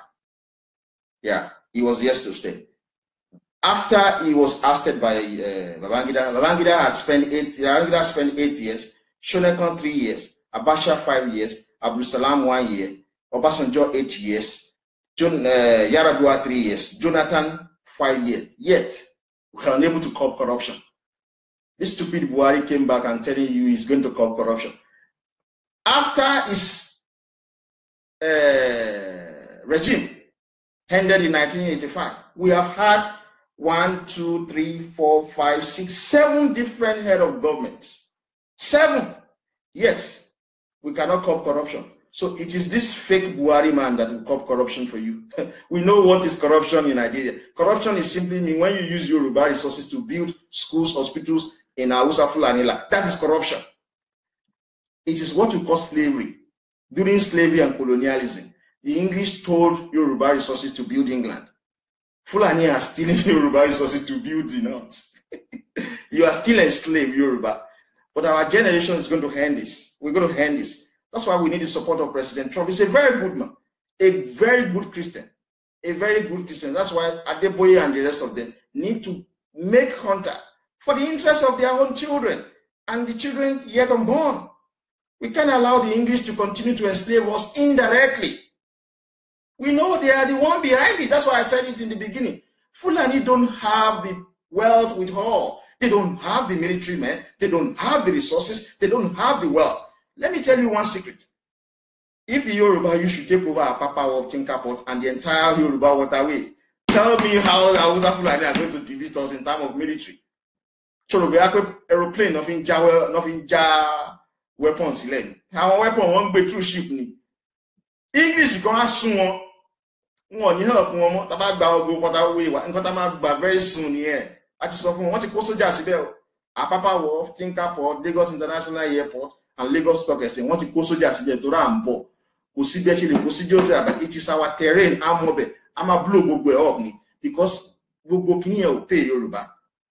Yeah, he was yes to stay after he was ousted by uh, Babangida, Babangida had spent eight, Babangida spent eight years, Shonekan three years, Abasha five years, Abu Salam one year, Obasanjo eight years, John, uh, Yaradua three years, Jonathan five years. Yet we are unable to curb corruption. This stupid Buhari came back and telling you he's going to curb corruption. After his uh, regime ended in 1985, we have had one, two, three, four, five, six, seven different head of government. Seven. Yes, we cannot curb corruption. So it is this fake Buhari man that will curb corruption for you. we know what is corruption in Nigeria. Corruption is simply mean when you use Yoruba resources to build schools, hospitals in Hausa, Fulanila. That is corruption. It is what we call slavery. During slavery and colonialism, the English told Yoruba resources to build England. Fulani are stealing Yoruba resources to build the north. you are still enslaved, Yoruba. But our generation is going to hand this. We're going to hand this. That's why we need the support of President Trump. He's a very good man, a very good Christian, a very good Christian. That's why Adeboye and the rest of them need to make contact for the interest of their own children and the children yet unborn. We can't allow the English to continue to enslave us indirectly. We know they are the one behind it. That's why I said it in the beginning. Fulani don't have the wealth with all. They don't have the military men. They don't have the resources. They don't have the wealth. Let me tell you one secret. If the Yoruba, you should take over Apapa of Tinkapot and the entire Yoruba waterways. Tell me how the Hausa Fulani are going to defeat us in time of military. Chorobe akwe aeroplane nothing ja nothing ja weapons sílẹ̀ ni. Àwọn weapon won't be gbé through ship ni. English gan á sún wọn wọn ò ní hàn fún wọn mọ́ tá bá gba ogun pátá owó ìwà nǹkan tá máa gbà very soon nìyẹn a ti sọ fún wọn wọ́n ti kó sójà síbẹ̀ o Apapa Wharf Tinker Lagos International Airport and Lagos Stock Exchange wọ́n ti kó sójà síbẹ̀ tó rà ń bọ̀ kò sí bí ẹ ṣe lè kó síjó tí àbá it is our terrain á mọ̀ bẹ̀ á máa blow gbogbo ẹ̀ up ni because gbogbo kìnìyàn ò pè Yorùbá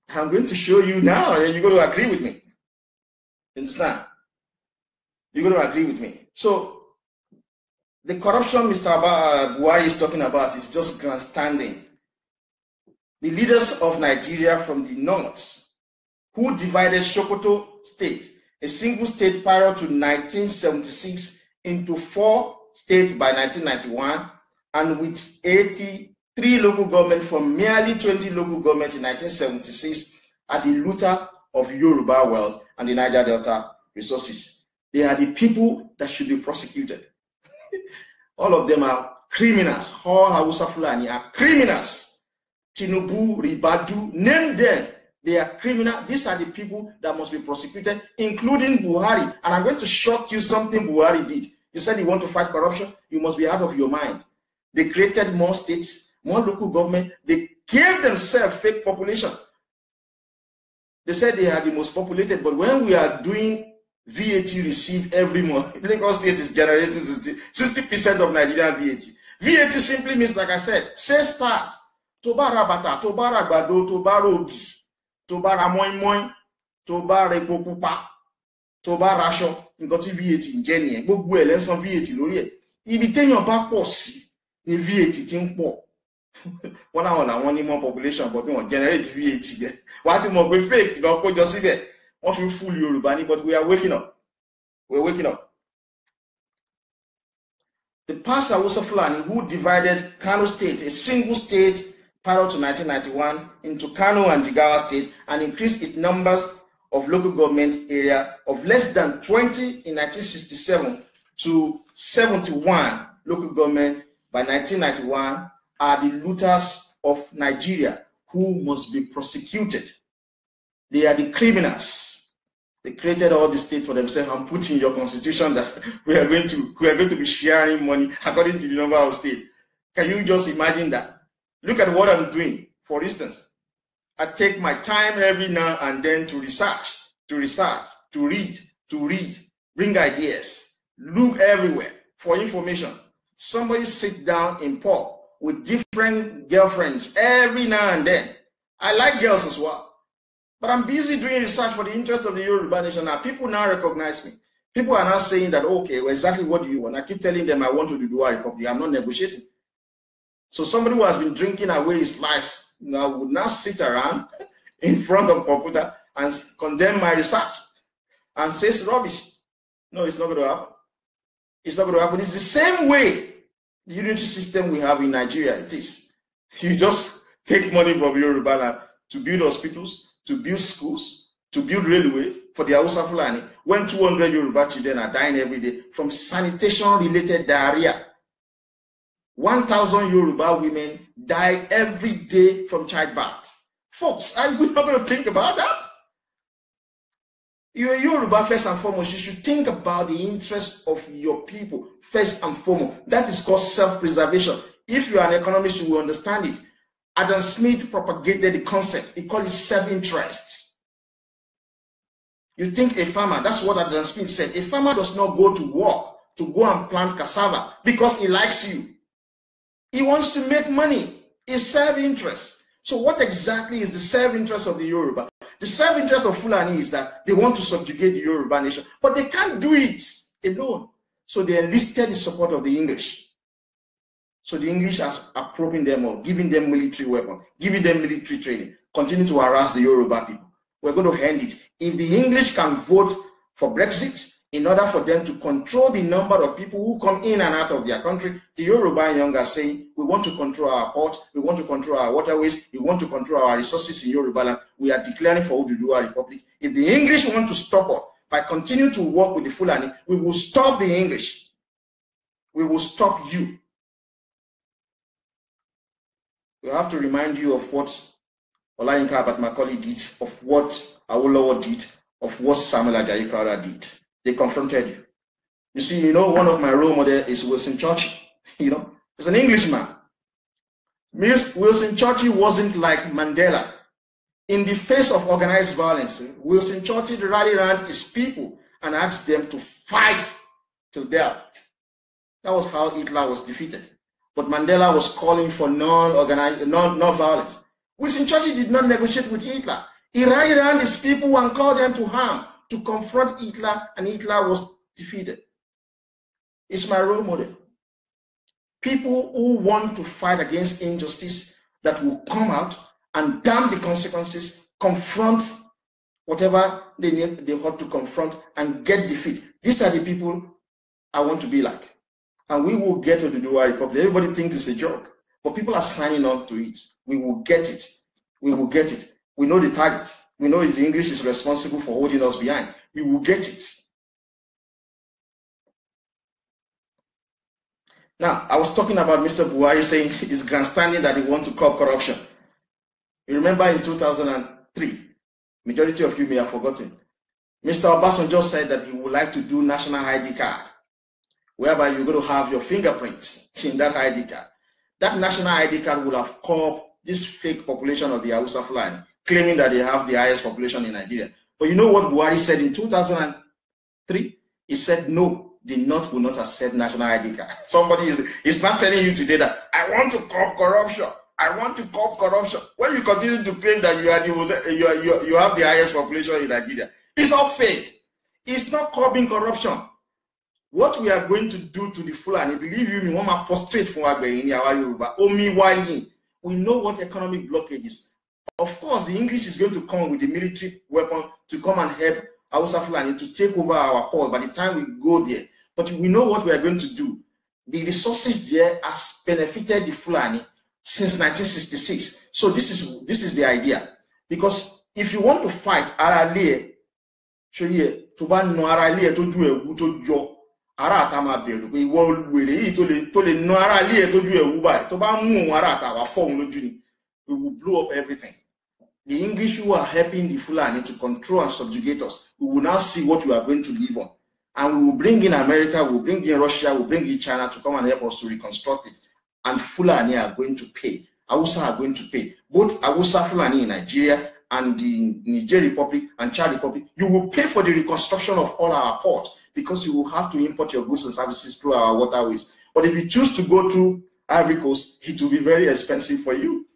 I'm going to show you now and you go to agree with me understand you go to agree with me so The corruption Mr. Uh, Buhari is talking about is just grandstanding. The leaders of Nigeria from the north, who divided Sokoto state, a single state prior to 1976, into four states by 1991, and with 83 local government from merely 20 local government in 1976, are the looters of Yoruba wealth and the Niger Delta resources. They are the people that should be prosecuted all of them are criminals. All Hausa Fulani are criminals. Tinubu, Ribadu, name them. They are criminal. These are the people that must be prosecuted, including Buhari. And I'm going to shock you something Buhari did. You said you want to fight corruption. You must be out of your mind. They created more states, more local government. They gave themselves fake population. They said they are the most populated, but when we are doing VAT received every month. Lagos State is generating 60% of Nigerian VAT. VAT simply means, like I said, say tax. Tó bá ra bàtà, tó bá ra àgbàdo, tó bá ra ògì, tó bá VAT ń jẹ́ nìyẹn. Gbogbo ẹ̀ VAT lórí ẹ̀. Ibi téèyàn bá pọ̀ sí ni VAT ti ń pọ̀. Wọ́n láwọn làwọn more population, but wọ́n generate VAT yẹn. Wàá ti mọ̀ pé fake lọ kójọ síbẹ̀. wọ́n fi fool, Yorubani? but we are waking up we are waking up. The past Hausa Fulani who divided Kano State, a single state prior to 1991, into Kano and Jigawa State and increased its numbers of local government area of less than 20 in 1967 to 71 local government by 1991 are the looters of Nigeria who must be prosecuted. They are the criminals. They created all the state for themselves and put in your constitution that we are going to we are going to be sharing money according to the number of states. Can you just imagine that? Look at what I'm doing. For instance, I take my time every now and then to research, to research, to read, to read, bring ideas, look everywhere for information. Somebody sit down in pub with different girlfriends every now and then. I like girls as well. But I'm busy doing research for the interest of the Yoruba nation. Now people now recognize me. People are now saying that, okay, well, exactly what do you want? I keep telling them I want you to do Dua Republic. I'm not negotiating. So somebody who has been drinking away his life now would not sit around in front of a computer and condemn my research and says rubbish. No, it's not going to happen. It's not going to happen. It's the same way the unity system we have in Nigeria. It is. You just take money from Yoruba to build hospitals, to build schools, to build railways for the Hausa Fulani when 200 Yoruba children are dying every day from sanitation-related diarrhea. 1,000 Yoruba women die every day from childbirth. Folks, are we not going to think about that? You're Yoruba first and foremost. You should think about the interest of your people first and foremost. That is called self-preservation. If you are an economist, you will understand it. Adam Smith propagated the concept. He called it self-interest. You think a farmer, that's what Adam Smith said. A farmer does not go to work to go and plant cassava because he likes you. He wants to make money. It's self-interest. So what exactly is the self-interest of the Yoruba? The self-interest of Fulani is that they want to subjugate the Yoruba nation, but they can't do it alone. So they enlisted the support of the English. So the English are, approving them up, giving them military weapons, giving them military training, continue to harass the Yoruba people. We're going to end it. If the English can vote for Brexit in order for them to control the number of people who come in and out of their country, the Yoruba young are saying, we want to control our ports, we want to control our waterways, we want to control our resources in Yoruba land. We are declaring for Ududua Republic. If the English want to stop us by continuing
to work with the Fulani, we will stop the English. We will stop you we have to remind you of what
Olayinka Abat Macaulay did, of what Awolowo did, of what Samuel Ajayi did. They confronted you. You see, you know, one of my role models is Wilson Churchill. You know, he's an Englishman. Miss Wilson Churchill wasn't like Mandela. In the face of organized violence, Wilson Churchill rallied around his people and asked them to fight till death. That was how Hitler was defeated. But Mandela was calling for non-organized, non-violence, which Churchill did not negotiate with Hitler. He rallied around his people and called them to harm, to confront Hitler, and Hitler was defeated. It's my role model. People who want to fight against injustice that will come out and damn the consequences, confront whatever they need, they ought to confront and get defeat. These are the people I want to be like and we will get to the Dubai Cup. Everybody thinks it's a joke, but people are signing on to it. We will get it. We will get
it. We know the target. We know the English is responsible for holding us behind. We will get it. Now, I was
talking about Mr. Buhari saying it's grandstanding that he wants to curb corruption. You remember in 2003, majority of you may have forgotten, Mr. Obasanjo said that he would like to do national ID card whereby you're going to have your fingerprints in that ID card. That national ID card will have caught this fake population of the Hausa flying, claiming that they have the highest population in Nigeria. But you know what Buhari said in 2003? He said, no, the North will not accept national ID card. Somebody is, is not telling you today that I want to curb corruption. I want to curb corruption. When you continue to claim that you are the, you, are, you, you have the highest population in Nigeria, it's all fake. It's not curbing corruption. what we are going to do to the Fulani, believe you me, wọ́n máa prostrate fún àgbẹ̀ ní àwa Yorùbá. Omi wáyé. We know what economic blockade is. Of course, the English is going to come with the military weapon to come and help Hausa Fulani to take over our port by the time we go there. But we know what we are going to do. The resources there has benefited the Fulani since 1966. So this is this is the idea. Because if you want to fight ara ilé ẹ, ṣòye tó bá na ara ilé ẹ tó ju ará àta máa bẹ̀rù pé ìwọ wèrè yìí tó lè na ará ilé ẹ̀ tójú ẹ̀ wú báyìí tó bá mú ará wá lójú ni we will blow up everything. The English who are helping the Fulani to control and subjugate us, we will now see what we are going to live on. And we will bring in America, we will bring in Russia, we will bring in China to come and help us to reconstruct it. And Fulani are going to pay. Awusa are going to pay. Both Awusa Fulani in Nigeria and the Niger Republic and Chad Republic, you will pay for the reconstruction of all our ports because you will have to import your goods and services through our waterways. But if you choose to go through Ivory Coast, it will be very expensive for you.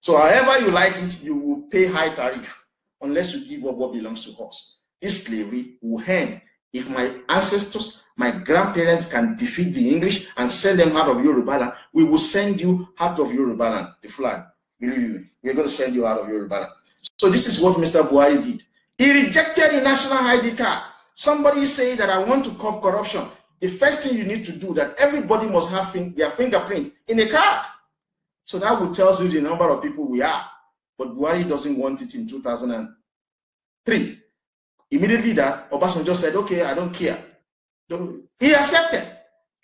So however you like it, you will pay high tariff unless you give up what belongs to us. This slavery will end if my ancestors, my grandparents can defeat the English and send them out of Yoruba land. We will send you out of Yoruba land, the flag. Believe me, we're going to send you out of Yoruba land. So this is what Mr. Buhari did. He rejected the national ID card. somebody say that I want to curb corruption, the first thing you need to do that everybody must have fin their fingerprint in a card. So that will tell you the number of people we are. But Buhari doesn't want it in 2003. Immediately that, Obasanjo said, okay, I don't care. He accepted.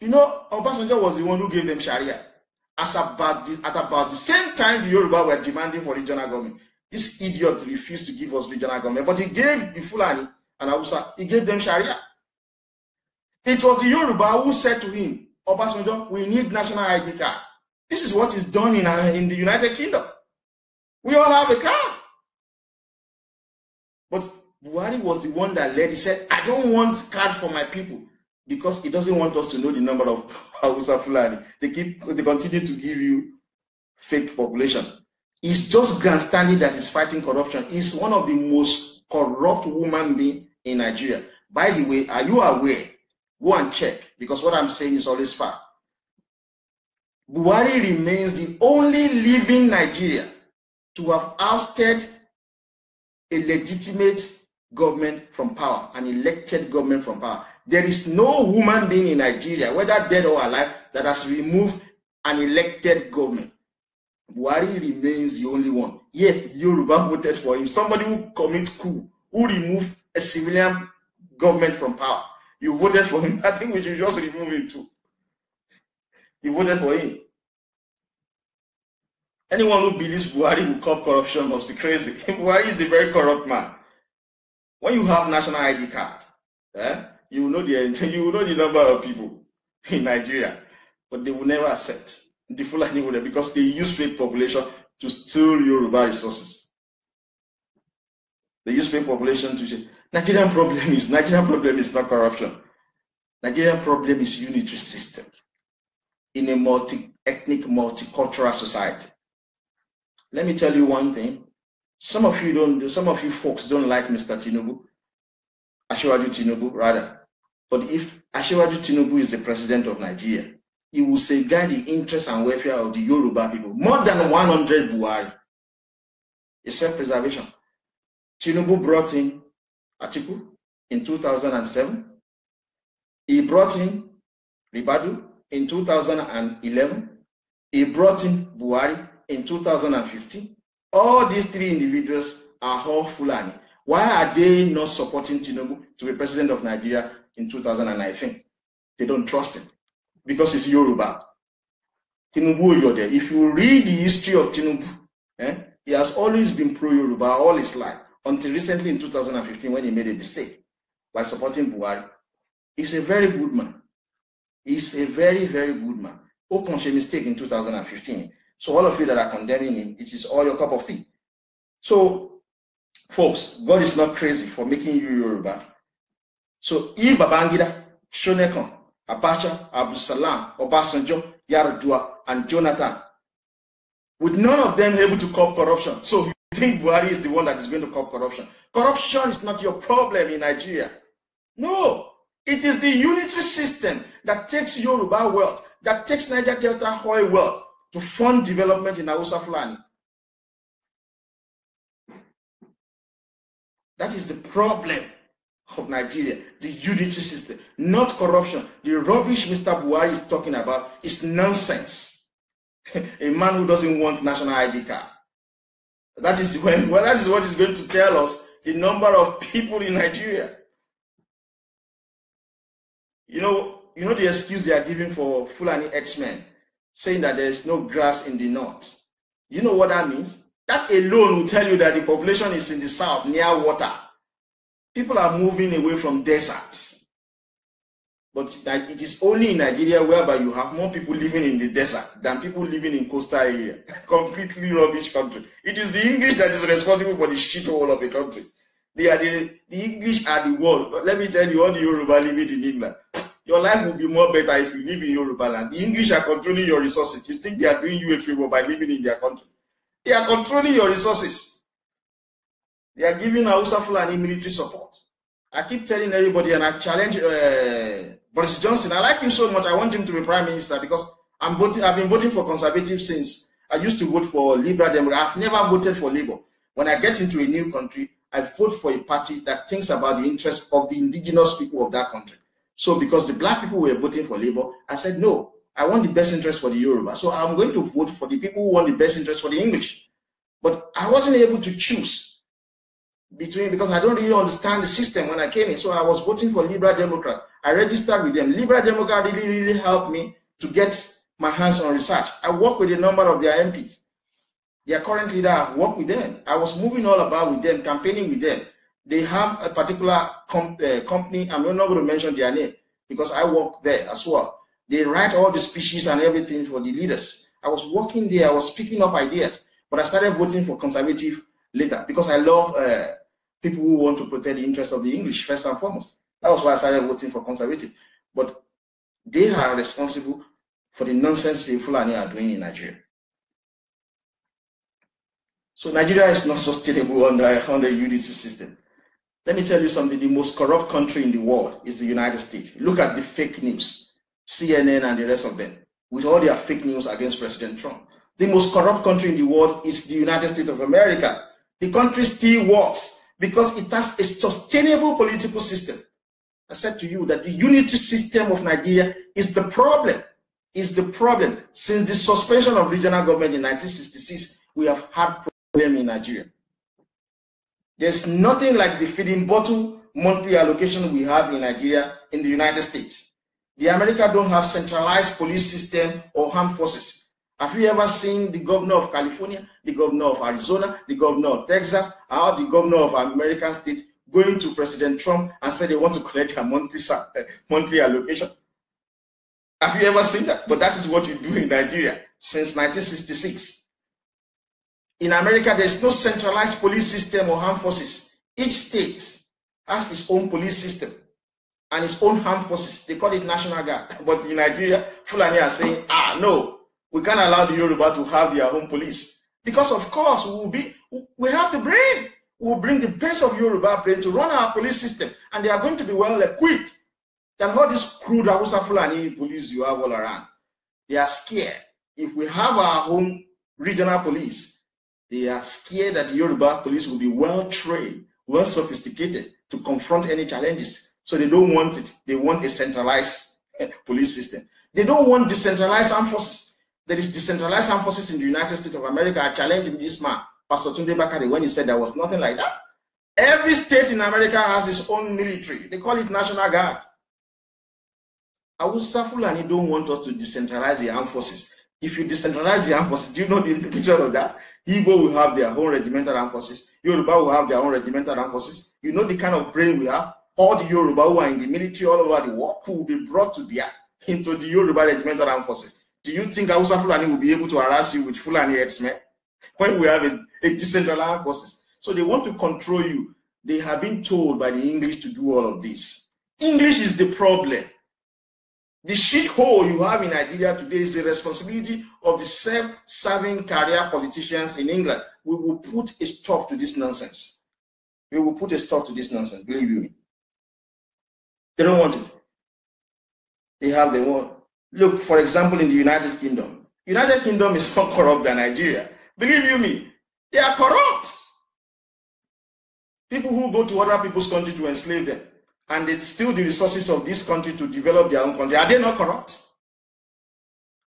You know, Obasanjo was the one who gave them Sharia. As about the, at about the same time, the Yoruba were demanding for regional government. This idiot refused to give us regional government, but he gave the Fulani and Hausa. He gave them Sharia. It was the Yoruba who said to him, Obasanjo, we need national ID card. This is what is done in, uh, in the United Kingdom. We all have a card. But Buhari was the one that led. He said, I don't want card for my people because he doesn't want us to know the number of Hausa Fulani. They keep they continue to give you fake population. It's just grandstanding that is fighting corruption. He's one of the most corrupt woman being in Nigeria. By the way, are you aware? Go and check because what I'm saying is always fact. Buhari remains the only living Nigeria to have ousted a legitimate government from power, an elected government from power. There is no human being in Nigeria, whether dead or alive, that has removed an elected government. Buhari remains the only one. Yes, Yoruba voted for him. Somebody who commit coup, who remove a civilian government from power. You voted for him. I think we should just remove him too. You voted for him. Anyone who believes Buhari will cop corruption must be crazy. Buhari is a very corrupt man. When you have national ID card, eh, you know the you know the number of people in Nigeria, but they will never accept the full would because they use fake population to steal Yoruba resources. They use fake population to Nigerian problem is Nigerian problem is not corruption. Nigerian problem is unitary system in a multi-ethnic, multicultural society. Let me tell you one thing. Some of you don't some of you folks don't like Mr. Tinubu, Ashewaju Tinubu rather. But if Ashewaju Tinubu is the president of Nigeria, he will safeguard the interests and welfare of the Yoruba people more than 100 Buhari. It's self-preservation. Tinubu brought in Atiku in 2007. He brought in Ribadu in 2011. He brought in Buhari in 2015. All these three individuals are all Fulani. Why are they not supporting Tinubu to be president of Nigeria in 2019? They don't trust him because he's Yoruba. Tinubu Oyode. If you read the history of Tinubu, eh, he has always been pro-Yoruba all his life until recently in 2015 when he made a mistake by supporting Buhari. He's a very good man. He's a very, very good man. Okonche mistake in 2015. So all of you that are condemning him, it is all your cup of tea. So, folks, God is not crazy for making you Yoruba. So if Babangida, Shonekon, Abacha, Abdulsalam, Obasanjo, Yaradua, and Jonathan, with none of them able to curb corruption, so think Buhari is the one that is going to cop corruption. Corruption is not your problem in Nigeria. No, it is the unitary system that takes Yoruba wealth, that takes Niger Delta
oil wealth to fund development in Hausa Fulani. That is the problem of Nigeria, the unitary
system, not corruption. The rubbish Mr. Buhari is talking about is nonsense. A man who doesn't want national ID card That is when well, that is what is going to tell us the number of people in Nigeria. You know, you know the excuse they are giving for Fulani X-Men, saying that there is no grass in the north. You know what that means? That alone will tell you that the population is in the south near water. People are moving away from deserts. But it is only in Nigeria whereby you have more people living in the desert than people living in coastal area. Completely rubbish country. It is the English that is responsible for the shit hole of a country. They are the, the English are the world. But let me tell you, all the Yoruba living in England, your life will be more better if you live in Yoruba land. The English are controlling your resources. You think they are doing you a favor by living in their country? They are controlling your resources. They are giving Hausa Fulani military support. I keep telling everybody, and I challenge. Uh, Boris Johnson, I like him so much. I want him to be prime minister because I'm voting. I've been voting for conservative since I used to vote for Liberal Democrat. I've never voted for Labour. When I get into a new country, I vote for a party that thinks about the interests of the indigenous people of that country. So because the black people were voting for Labour, I said no. I want the best interest for the Yoruba. So I'm going to vote for the people who want the best interest for the English. But I wasn't able to choose between because I don't really understand the system when I came in. So I was voting for Liberal Democrat. I registered with them. Liberal Democrat really, really helped me to get my hands on research. I work with a number of their MPs. Their current leader, I've worked with them. I was moving all about with them, campaigning with them. They have a particular uh, company. I'm not going to mention their name because I work there as well. They write all the speeches and everything for the leaders. I was working there. I was picking up ideas, but I started voting for conservative later because I love uh, people who want to protect the interests of the English first and foremost. That was why I started voting for conservative. But they are responsible for the nonsense the Fulani are doing in Nigeria. So Nigeria is not sustainable under, under unity system. Let me tell you something. The most corrupt country in the world is the United States. Look at the fake news, CNN and the rest of them, with all their fake news against President Trump. The most corrupt country in the world is the United States of America. The country still works because it has a sustainable political system. I said to you that the unity system of Nigeria is the problem. Is the problem. Since the suspension of regional government in 1966, we have had problem in Nigeria. There's nothing like the feeding bottle monthly allocation we have in Nigeria in the United States. The America don't have centralized police system or armed forces. Have you ever seen the governor of California, the governor of Arizona, the governor of Texas, or the governor of American state going to President Trump and said they want to collect her monthly, eh, monthly allocation. Have you ever seen that? But that is what you do in Nigeria since 1966. In America, there is no centralized police system or armed forces. Each state has its own police system and its own armed forces. They call it National Guard. But in Nigeria, Fulani are saying, ah, no, we can't allow the Yoruba to have their own police. Because, of course, we will be, we have the brain will bring the best of Yoruba brain to run our police system, and they are going to be well equipped than all these crude Awusa Fulani police you have all around. They are scared. If we have our own regional police, they are scared that Yoruba police will be well trained, well sophisticated to confront any challenges. So they don't want it. They want a centralized eh, police system. They don't want decentralized armed forces. There is decentralized armed forces in the United States of America. I challenge this man Pastor Tunde Bakari when he said there was nothing like that. Every state in America has its own military. They call it National Guard. Awusa Fulani don't want us to decentralize the armed forces. If you decentralize the armed forces, do you know the implication of that? Igbo will have their own regimental armed forces. Yoruba will have their own regimental armed forces. You know the kind of brain we have? All the Yoruba who are in the military all over the world who will be brought to bear into the Yoruba regimental armed forces. Do you think Awusa Fulani will be able to harass you with Fulani X-Men? When we have a a decentralized process. So they want to control you. They have been told by the English to do all of this. English is the problem. The shithole you have in Nigeria today is the responsibility of the self-serving career politicians in England. We will put a stop to this
nonsense. We will put a stop to this nonsense, believe me. They don't want it. They have their own. Look, for example, in the United Kingdom.
United Kingdom is more corrupt than Nigeria. Believe you me, they are corrupt. People who go to other people's country to enslave them and they steal the resources of this country to develop their own country. Are they not corrupt?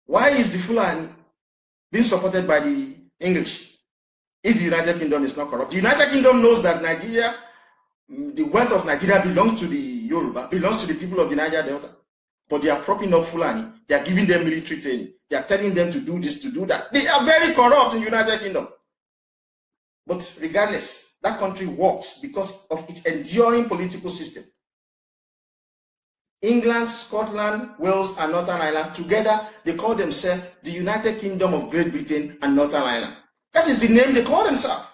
Why is the Fulani being supported by the English if the United Kingdom is not corrupt? The United Kingdom knows that Nigeria, mm, the wealth of Nigeria belongs to the Yoruba, belongs to the people of the Niger Delta. But they are propping up Fulani. They are giving them military training. They are telling them to do this, to do that. They are very corrupt in the United Kingdom. But regardless, that country works because of its enduring political system. England, Scotland, Wales, and Northern Ireland together, they call themselves the United Kingdom of Great Britain and Northern Ireland. That is the name they call themselves.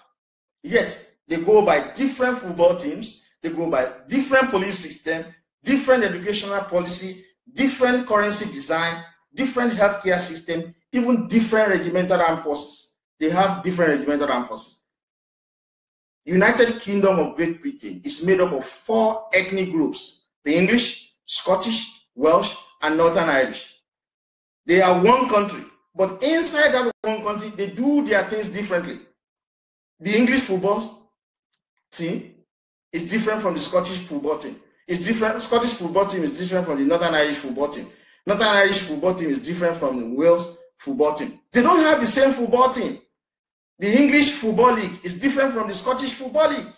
Yet, they go by different football teams, they go by different police system, different educational policy, different currency design, different healthcare system, even different regimental armed forces. They have different regimental armed forces. United Kingdom of Great Britain is made up of four ethnic groups the English, Scottish, Welsh, and Northern Irish. They are one country, but inside that one country, they do their things differently. The English football team is different from the Scottish football team. It's different. Scottish football team is different from the Northern Irish football team. Northern Irish football team is different from the Wales football team. They don't have the same football team. The English Football League is different from the Scottish Football League.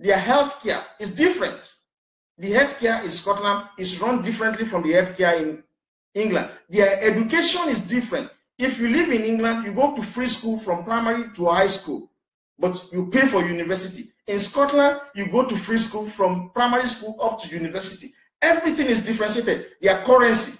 Their healthcare is different. The healthcare in Scotland is run differently from the healthcare in England. Their education is different. If you live in England, you go to free school from primary to high school, but you pay for university. In Scotland, you go to free school from primary school up to university. Everything is differentiated. Their currency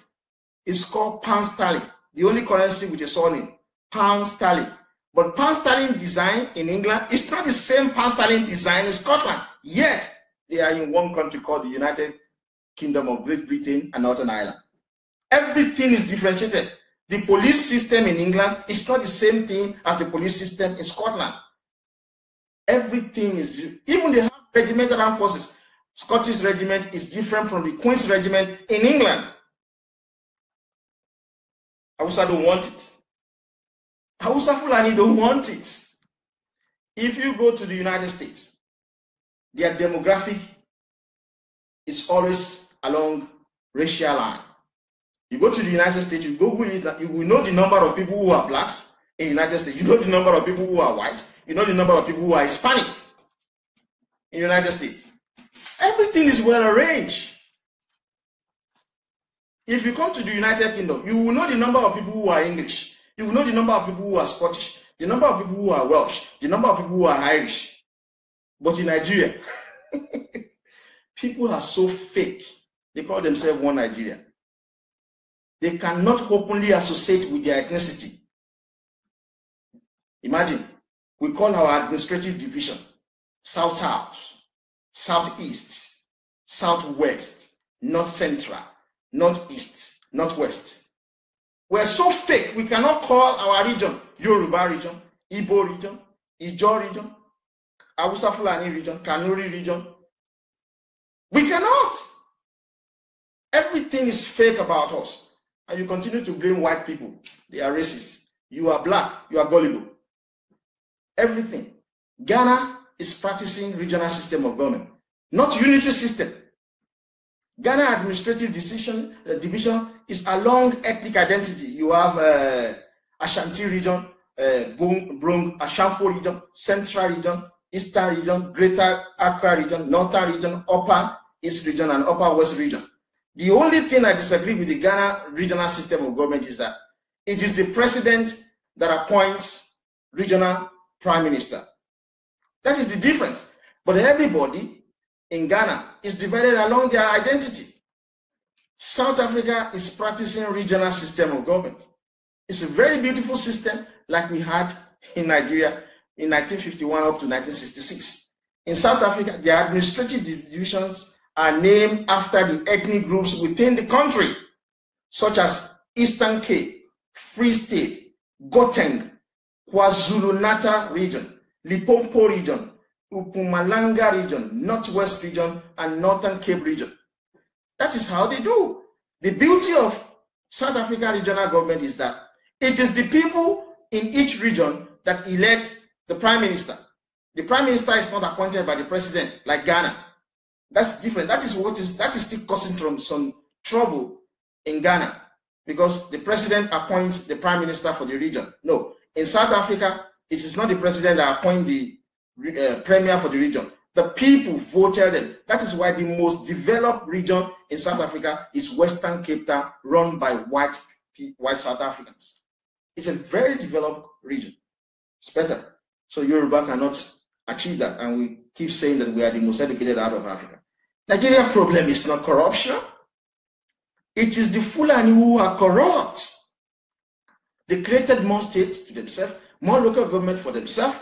is called pound sterling, the only currency with a surname, pound sterling. But pound design in England is not the same pound design in Scotland. Yet they are in one country called the United Kingdom of Great Britain and Northern Ireland. Everything is differentiated. The police system in England is not the same thing as the police system in Scotland.
Everything is even the regimental armed forces. Scottish regiment is different from the Queen's regiment in England. I wish I don't want it. Hausa Fulani don't want it. If you go to the United States, their demographic is always along racial line. You go to the United States, you Google it, you will
know the number of people who are blacks in the United States. You know the number of people who are white. You know the number of people who are Hispanic in the United States. Everything is well arranged. If you come to the United Kingdom, you will know the number of people who are English you will know the number of people who are Scottish, the number of people who are Welsh, the number of people who are Irish. But in Nigeria, people are so fake.
They call themselves one Nigeria. They cannot openly associate with their ethnicity. Imagine, we call our administrative division South South, Southeast, Southwest,
North Central, Northeast, Northwest. We're so fake, we cannot call our region Yoruba region, Igbo region, Ijo region, Hausa Fulani region, Kanuri region. We cannot. Everything is fake about us. And you continue to blame white people. They are racist. You are black. You are gullible. Everything. Ghana is practicing regional system of government, not unitary system. Ghana Administrative Decision uh, Division is along ethnic identity. You have uh, Ashanti region, uh, Brong, Ashanfo region, Central region, Eastern region, Greater Accra region, Northern region, Upper East region, and Upper West region. The only thing I disagree with the Ghana regional system of government is that it is the president that appoints regional prime minister. That is the difference. But everybody in Ghana is divided along their identity. South Africa is practicing regional system of government. It's a very beautiful system like we had in Nigeria in 1951 up to 1966. In South Africa, the administrative divisions are named after the ethnic groups within the country, such as Eastern Cape, Free State, Gauteng, KwaZulu-Natal region, Limpopo region, Upumalanga region, Northwest region, and Northern Cape region. That is how they do. The beauty of South African regional government is that it is the people in each region that elect the prime minister. The prime minister is not appointed by the president like Ghana. That's different. That is what is that is still causing some trouble in Ghana because the president appoints the prime minister for the region. No, in South Africa, it is not the president that appoints the uh, premier for the region. The people voted him. That is why the most developed region in South Africa is Western Cape Town, run by white white South Africans. It's a very developed region. It's better. So Yoruba cannot achieve that, and we keep saying that we are the most educated out of Africa. Nigeria problem is not corruption. It is the Fulani who are corrupt. They created more states to themselves, more local government for themselves,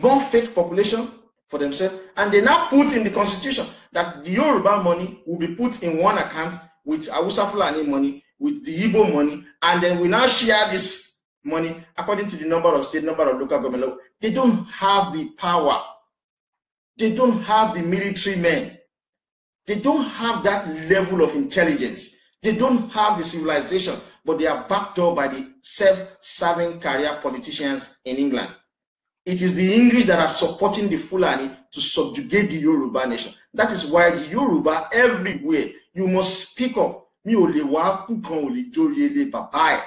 born fake population for themselves, and they now put in the constitution that the Yoruba money will be put in one account with Awusa Fulani money, with the Igbo money, and then we now share this money according to the number of state, number of local government. They don't have the power. They don't have the military men. They don't have that level of intelligence. They don't have the civilization, but they are backed up by the self-serving career politicians in England. It is the English that are supporting the Fulani to subjugate the Yoruba nation. That is why the Yoruba everywhere, you must speak up. Mi ò lè wá kú kan ò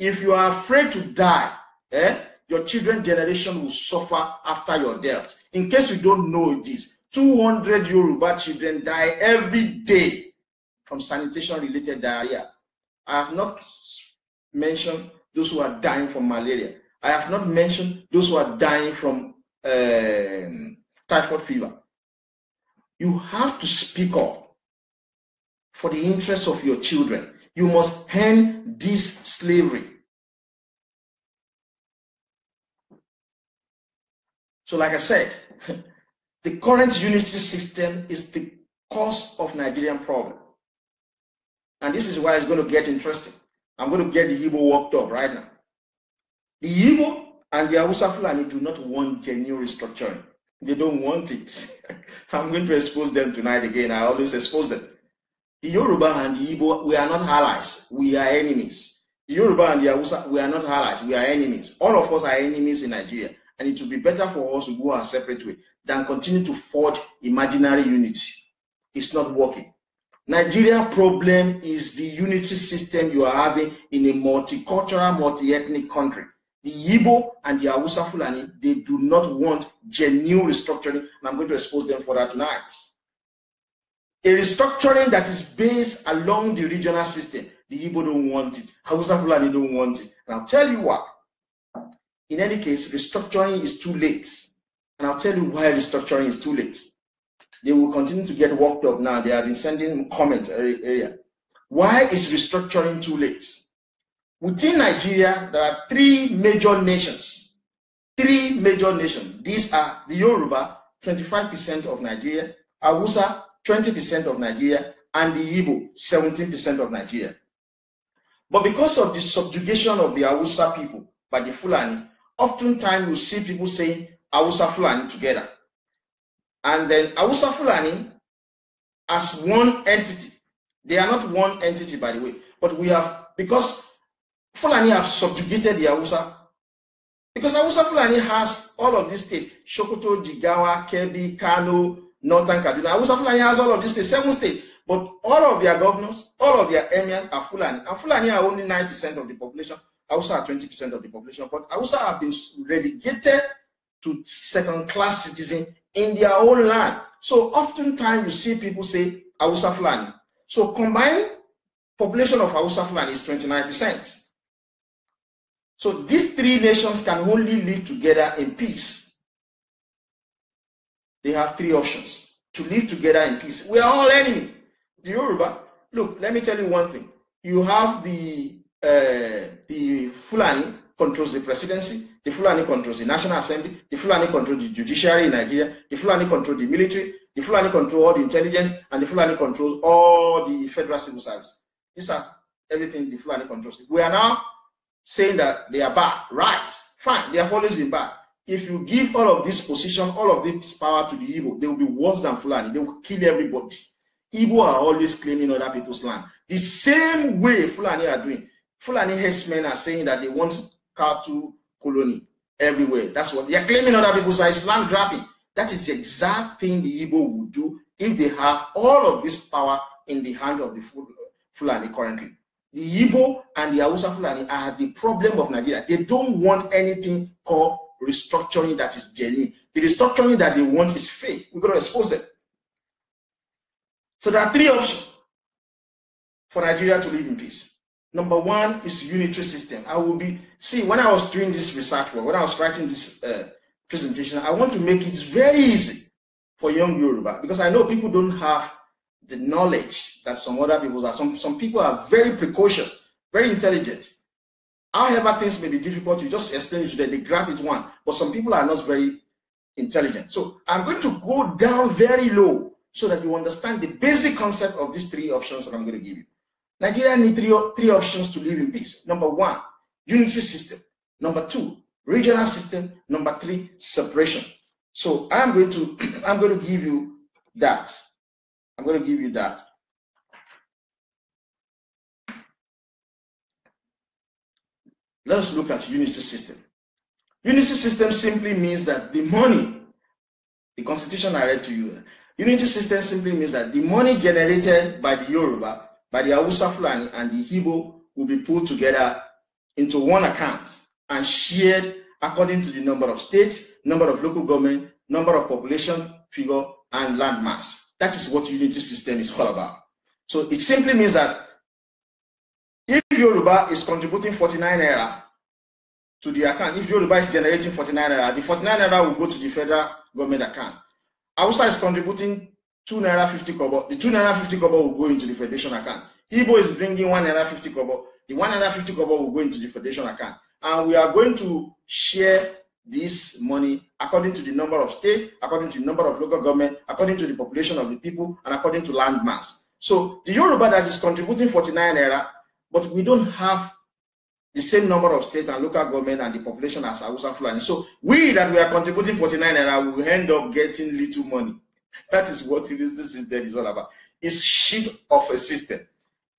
If you are afraid to die, eh, your children generation will suffer after your death. In case you don't know this, 200 Yoruba children die every day from sanitation-related diarrhea. I have not mentioned those who are dying from malaria. I have not mentioned those who are dying from uh, typhoid fever. You have to speak up
for the interests of your children. You must end this slavery. So, like I said, the current unitary system is the cause of Nigerian
problem. And this is why it's going to get interesting. I'm going to get the people worked up right now. The Igbo and the Hausa Fulani do not want genuine restructuring. They don't want it. I'm going to expose them tonight again. I always expose them. The Yoruba and the Igbo, we are not allies. We are enemies. The Yoruba and the Hausa, we are not allies. We are enemies. All of us are enemies in Nigeria. And it would be better for us to go our separate way than continue to forge imaginary unity. It's not working. Nigeria problem is the unitary system you are having in a multicultural, multi-ethnic country. The Yibo and the Awusa Fulani, they do not want genuine restructuring, and I'm going to expose them for that tonight. A restructuring that is based along the regional system, the Igbo don't want it. Hausa Fulani don't want it. And I'll tell you why. In any case, restructuring is too late. And I'll tell you why restructuring is too late. They will continue to get worked up now. They have been sending comments area. Eh, eh, why is restructuring too late? Within Nigeria, there are three major nations. Three major nations. These are the Yoruba, twenty-five percent of Nigeria, Hausa, twenty percent of Nigeria, and the Igbo, percent of Nigeria. But because of the subjugation of the Hausa people by the Fulani, oftentimes you see people saying Hausa Fulani together. And then Hausa Fulani as one entity. They are not one entity, by the way, but we have, because Fulani have subjugated the Hausa. Because Hausa Fulani has all of these states. Sokoto, Jigawa, Kebi, Kano, Northern Kaduna. Hausa Fulani has all of these states, seven states. But all of their governors, all of their emirs are Fulani. And Fulani are only 9% of the population. Hausa are 20% of the population. But Hausa have been relegated to second-class citizen in their own land. So oftentimes you see people say Hausa Fulani. So combined population of Hausa Fulani is 29%. So these three nations can only live together in peace. They have three options to live together in peace. We are all enemy. The Yoruba, look, let me tell you one thing. You have the uh, the Fulani controls the presidency, the Fulani controls the National Assembly, the Fulani controls the judiciary in Nigeria, the Fulani controls the military, the Fulani controls all the intelligence, and the Fulani controls all the federal civil service. This is everything the Fulani controls. We are now saying that they are bad. Right. Fine. They have always been bad. If you give all of this position, all of this power to the evil, they will be worse than Fulani. They will kill everybody. Evil are always claiming other people's land. The same way Fulani are doing. Fulani herdsmen are saying that they want cattle colony everywhere. That's what they are claiming other people's land, land grabbing. That is the exact thing the Igbo would do if they have all of this power in the hand of the Fulani currently. The Igbo and the Hausa Fulani are the problem of Nigeria. They don't want anything called restructuring that is genuine. The restructuring that they want is fake. We're going to expose them. So there are three options for Nigeria to live in peace. Number one is unitary system. I will be see when I was doing this research work, when I was writing this uh, presentation, I want to make it very easy for young Yoruba because I know people don't have the knowledge that some other people are. Some, some people are very precocious, very intelligent. However, things may be difficult, you just explain it to them, The grab is one. But some people are not very intelligent. So I'm going to go down very low so that you understand the basic concept of these three options that I'm going to give you. Nigeria need three, three options to live in peace. Number one, unitary system. Number two, regional system. Number three, separation. So
I'm going to I'm going to give you that. I'm going to give you that. Let's look at unity system. Unity system simply means that the money,
the constitution I read to you, unity system simply means that the money generated by the Yoruba, by the Hausa Fulani and the Hebo will be put together into one account and shared according to the number of states, number of local government, number of population figure, and land mass. That is what unity system is all about. So it simply means that if Yoruba is contributing 49 naira to the account, if Yoruba is generating 49 naira, the 49 naira will go to the federal government account. Hausa is contributing 2 naira 50 kobo, the 2 naira 50 kobo will go into the federation account. Igbo is bringing 1 naira 50 kobo, the 1 naira 50 kobo will go into the federation account. And we are going to share this money according to the number of states, according to the number of local government, according to the population of the people, and according to land mass. So the Yoruba that is contributing 49 era, but we don't have the same number of state and local government and the population as Hausa Fulani. So we that we are contributing 49 era will end up getting little money. That is what this system is all about. It's shit of a system.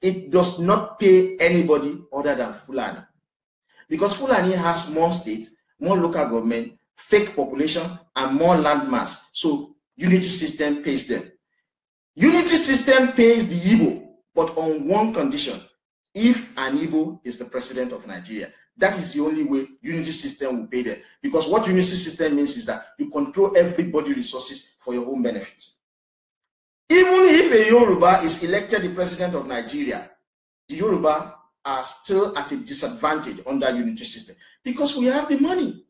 It does not pay anybody other than Fulani. Because Fulani has more state more local government, fake population, and more landmass. So unity system pays them. Unity system pays the Igbo, but on one condition, if an Igbo is the president of Nigeria. That is the only way unity system will pay them. Because what unity system means is that you control everybody resources for your own benefit. Even if a Yoruba is elected the president of Nigeria, the Yoruba are still at a disadvantage under unitary system because we have the money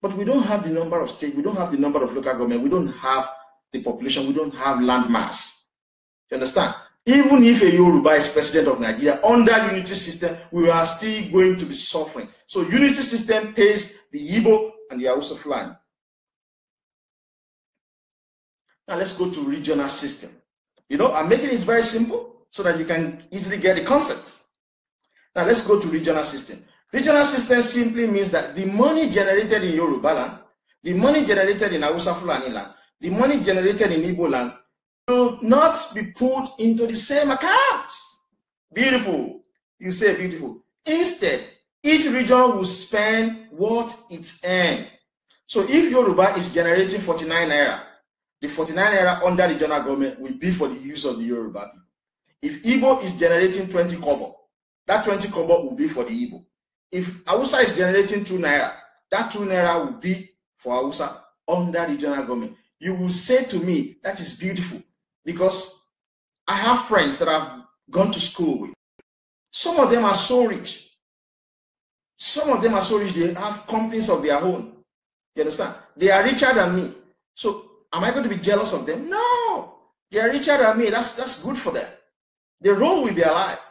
but we don't have the number of states we don't have the number of local government we don't have the population we don't have land mass you understand even if a yoruba is president of nigeria under unitary system we are still going to be suffering so unity system pays the igbo and the hausa flying. now let's go to regional system you know i'm making it very simple so that you can easily get the concept now let's go to regional system. Regional system simply means that the money generated in Yoruba land, the money generated in Hausa Fulani land, the money generated in Igbo land will not be put into the same account. Beautiful. You say beautiful. Instead, each region will spend what it earned. So if Yoruba is generating 49 naira, the 49 naira under regional government will be for the use of the Yoruba people. If Igbo is generating 20 kobo, that 20 kobo will be for the Igbo. If Awusa is generating 2 naira, that 2 naira will be for Awusa under regional government. You will say to me, that is beautiful because I have friends that I've gone to school with. Some of them are so rich. Some of them are so rich, they have companies of their own. You understand? They are richer than me. So am I going to be jealous of them? No. They are richer than me. That's, that's good for them. They roll with their life.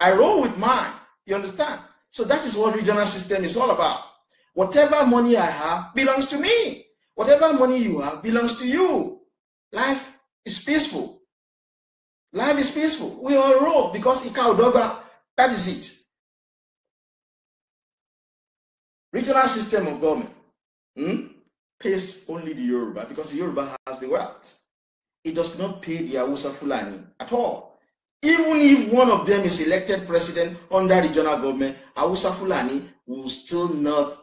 I roll with mine. You understand? So that is what regional system is all about. Whatever money I have belongs to me. Whatever money you have belongs to you. Life is peaceful.
Life is peaceful. We all roll because Ikaudoga, that is it. Regional system of government hmm, pays
only the Yoruba because the Yoruba has the wealth. It does not pay the Awusa Fulani at all. Even if one of them is elected president under regional government, Awusa Fulani will still not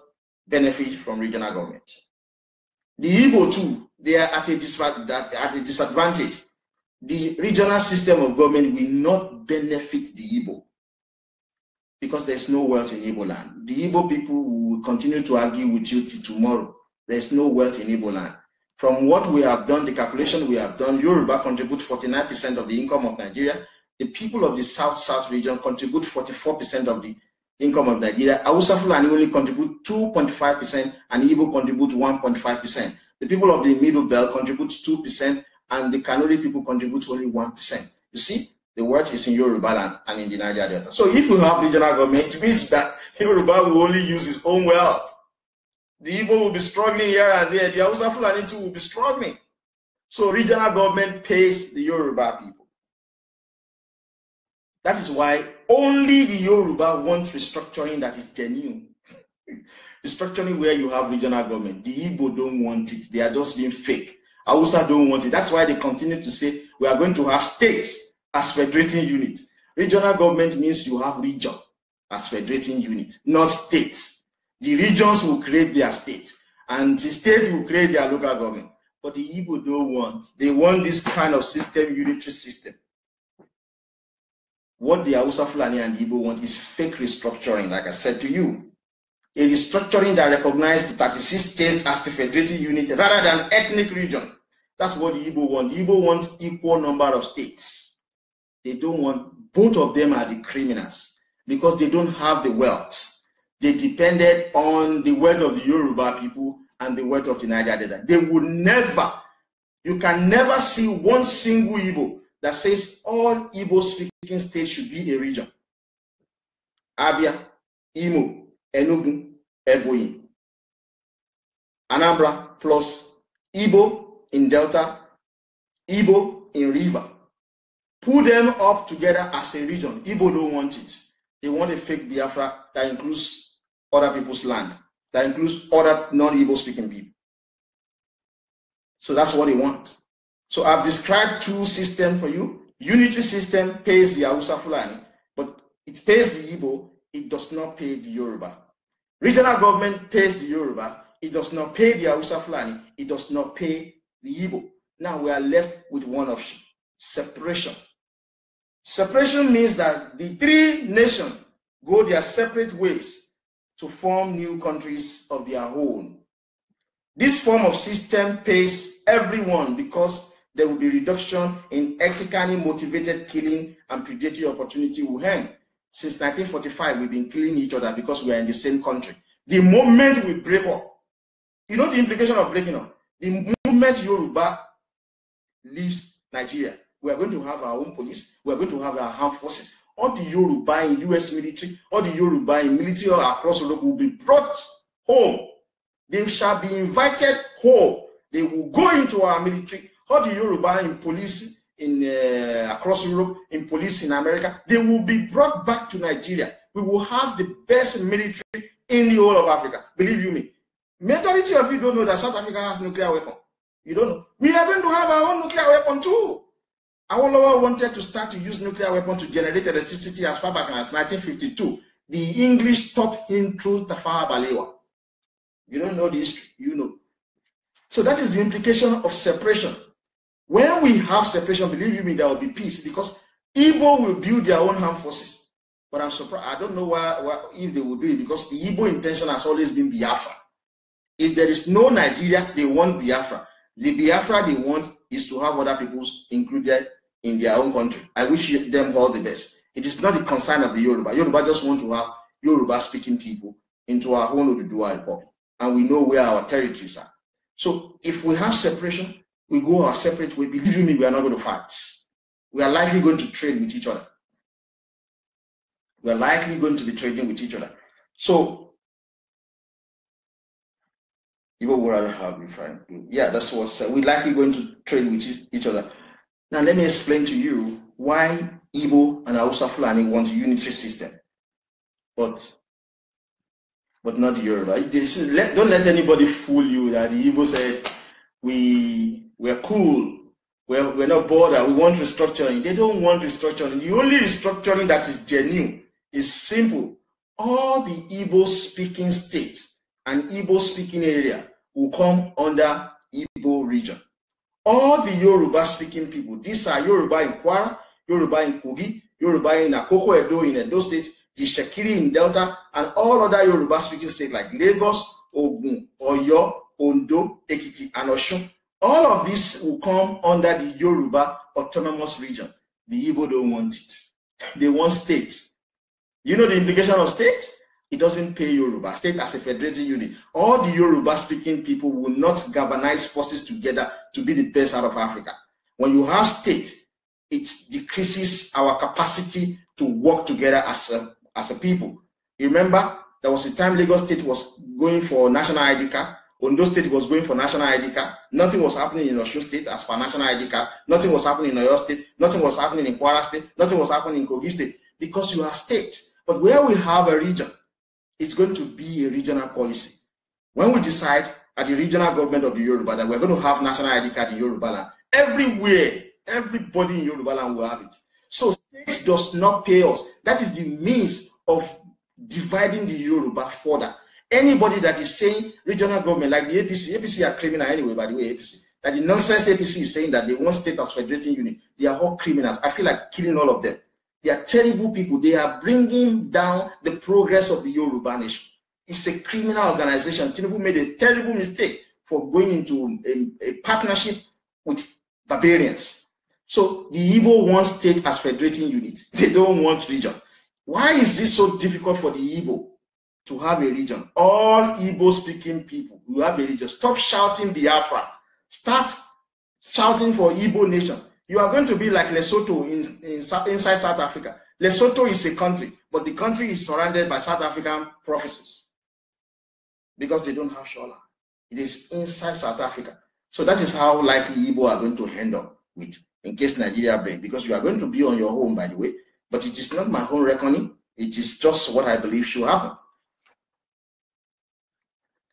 benefit from regional government. The Igbo too, they are at a, at a disadvantage. The regional system of government will not benefit the Igbo because there's no wealth in Igbo land. The Igbo people will continue to argue with you till tomorrow. There's no wealth in Igbo land. From what we have done, the calculation we have done, Yoruba contribute 49% of the income of Nigeria, the people of the South South region contribute 44% of the income of Nigeria. Hausa Fulani only contribute 2.5%, and Igbo contribute 1.5%. The people of the Middle Belt contribute 2%, and the Kanuri people contribute only 1%. You see, the wealth is in Yoruba land and in the Niger Delta. So if you have regional government, it means that Yoruba will only use his own wealth. The Igbo will be struggling here and there. The Hausa Fulani too will be struggling. So regional government pays the Yoruba people. That is why only the Yoruba wants restructuring that is genuine. restructuring where you have regional government. The Igbo don't want it. They are just being fake. Hausa don't want it. That's why they continue to say we are going to have states as federating unit. Regional government means you have region as federating unit, not states. The regions will create their state, and the state will create their local government. But the Igbo don't want. They want this kind of system, unitary system. What the Hausa Fulani and Igbo want is fake restructuring, like I said to you. A restructuring that recognizes the 36 states as the federated unit rather than ethnic region. That's what the Igbo want. The Igbo want equal number of states. They don't want both of them are the criminals because they don't have the wealth. They depended on the wealth of the Yoruba people and the wealth of the Niger Delta. They would never, you can never see one single Igbo that says
all Igbo speaking states should be a region. Abia, Imo, Enugu, Ebonyi. Anambra plus Igbo in Delta, Igbo in River.
Pull them up together as a region. Igbo don't want it. They want a fake Biafra that includes other people's land, that includes other non-Igbo speaking people. So that's what they want. So I've described two systems for you. Unitary system pays the Hausa Fulani, but it pays the Igbo, it does not pay the Yoruba. Regional government pays the Yoruba, it does not pay the Hausa Fulani, it does not pay the Igbo. Now we are left with one option, separation. Separation means that the three nations go their separate ways to form new countries of their own. This form of system pays everyone because there will be reduction in ethically motivated killing and predatory opportunity will end. Since 1945, we've been killing each other because we are in the same country. The moment we break up, you know the implication of breaking up. The moment Yoruba leaves Nigeria, we are going to have our own police, we are going to have our armed forces. All the Yoruba in US military, all the Yoruba in military or across Europe will be brought home. They shall be invited home. They will go into our military All the Yoruba in police in uh, across Europe, in police in America. They will be brought back to Nigeria. We will have the best military in the whole of Africa. Believe you me. Majority of you don't know that South Africa has nuclear weapon. You don't know. We are going to have our own nuclear weapon too. Our Awolowo wanted to start to use nuclear weapon to generate electricity as far back as 1952. The English stopped him through Tafawa Balewa. You don't know this. you know. So that is the implication of separation. When we have separation, believe you me, there will be peace because Igbo will build their own armed forces. But I'm surprised. I don't know why, why if they will do it because the Igbo intention has always been Biafra. If there is no Nigeria, they want Biafra. The Biafra they want is to have other peoples included in their own country. I wish them all the best. It is not the concern of the Yoruba. Yoruba just want to have Yoruba speaking people into our own Oduduwa Republic. And we know where our territories are. So if we have separation, we go our separate way. Believe me, we are not going to fight. We are likely
going to trade with each other. We are likely going to be trading with each other. So, Igbo would I have you, friend. Yeah, that's what said. We're likely going to trade with each other. Now, let me explain to you
why Igbo and Hausa Fulani want a unitary system, but but not Yoruba. Don't let anybody fool you that the Igbo said we We're cool. We're, we're not bothered. We want restructuring. They don't want restructuring. The only restructuring that is genuine is simple. All the Igbo speaking states and Igbo speaking area will come under Igbo region. All the Yoruba speaking people, these are Yoruba in Kwara, Yoruba in Kogi, Yoruba in Akoko Edo in Edo State, the Shekiri in Delta, and all other Yoruba speaking states like Lagos, Ogun, Oyo, Ondo, Ekiti, and Osun. All of this will come under the Yoruba autonomous region. The Igbo don't want it. They want state. You know the implication of state? It doesn't pay Yoruba. State as a federating unit. All the Yoruba speaking people will not galvanize forces together to be the best out of Africa. When you have state, it decreases our capacity to work together as a, as a people. You remember, there was a time Lagos State was going for national ID card Ondo State was going for national ID card. Nothing was happening in Osun State as for national ID card. Nothing was happening in Oyo State. Nothing was happening in Kwara State. Nothing was happening in Kogi State because you are state. But where we have a region, it's going to be a regional policy. When we decide at the regional government of the Yoruba that we're going to have national ID card in Yoruba land, everywhere, everybody in Yoruba land will have it. So state does not pay us. That is the means of dividing the Yoruba further anybody that is saying regional government, like the APC, APC are criminal anyway, by the way, APC, that the nonsense APC is saying that they want state as federating unit, they are all criminals. I feel like killing all of them. They are terrible people. They are bringing down the progress of the Yoruba nation. It's a criminal organization. Tinubu made a terrible mistake for going into a, a partnership with barbarians. So the Igbo wants state as federating unit. They don't want region. Why is this so difficult for the Igbo? to have a region. All Igbo speaking people who have a region. Stop shouting Biafra. Start shouting for Igbo nation. You are going to be like Lesotho in, in, inside South Africa. Lesotho is a country, but the country is surrounded by South African provinces because they don't have Shola. It is inside South Africa. So that is how likely Igbo are going to end up with in case Nigeria break, because you are going to be on your home, by the way. But it is not my home reckoning. It is just what I believe should happen.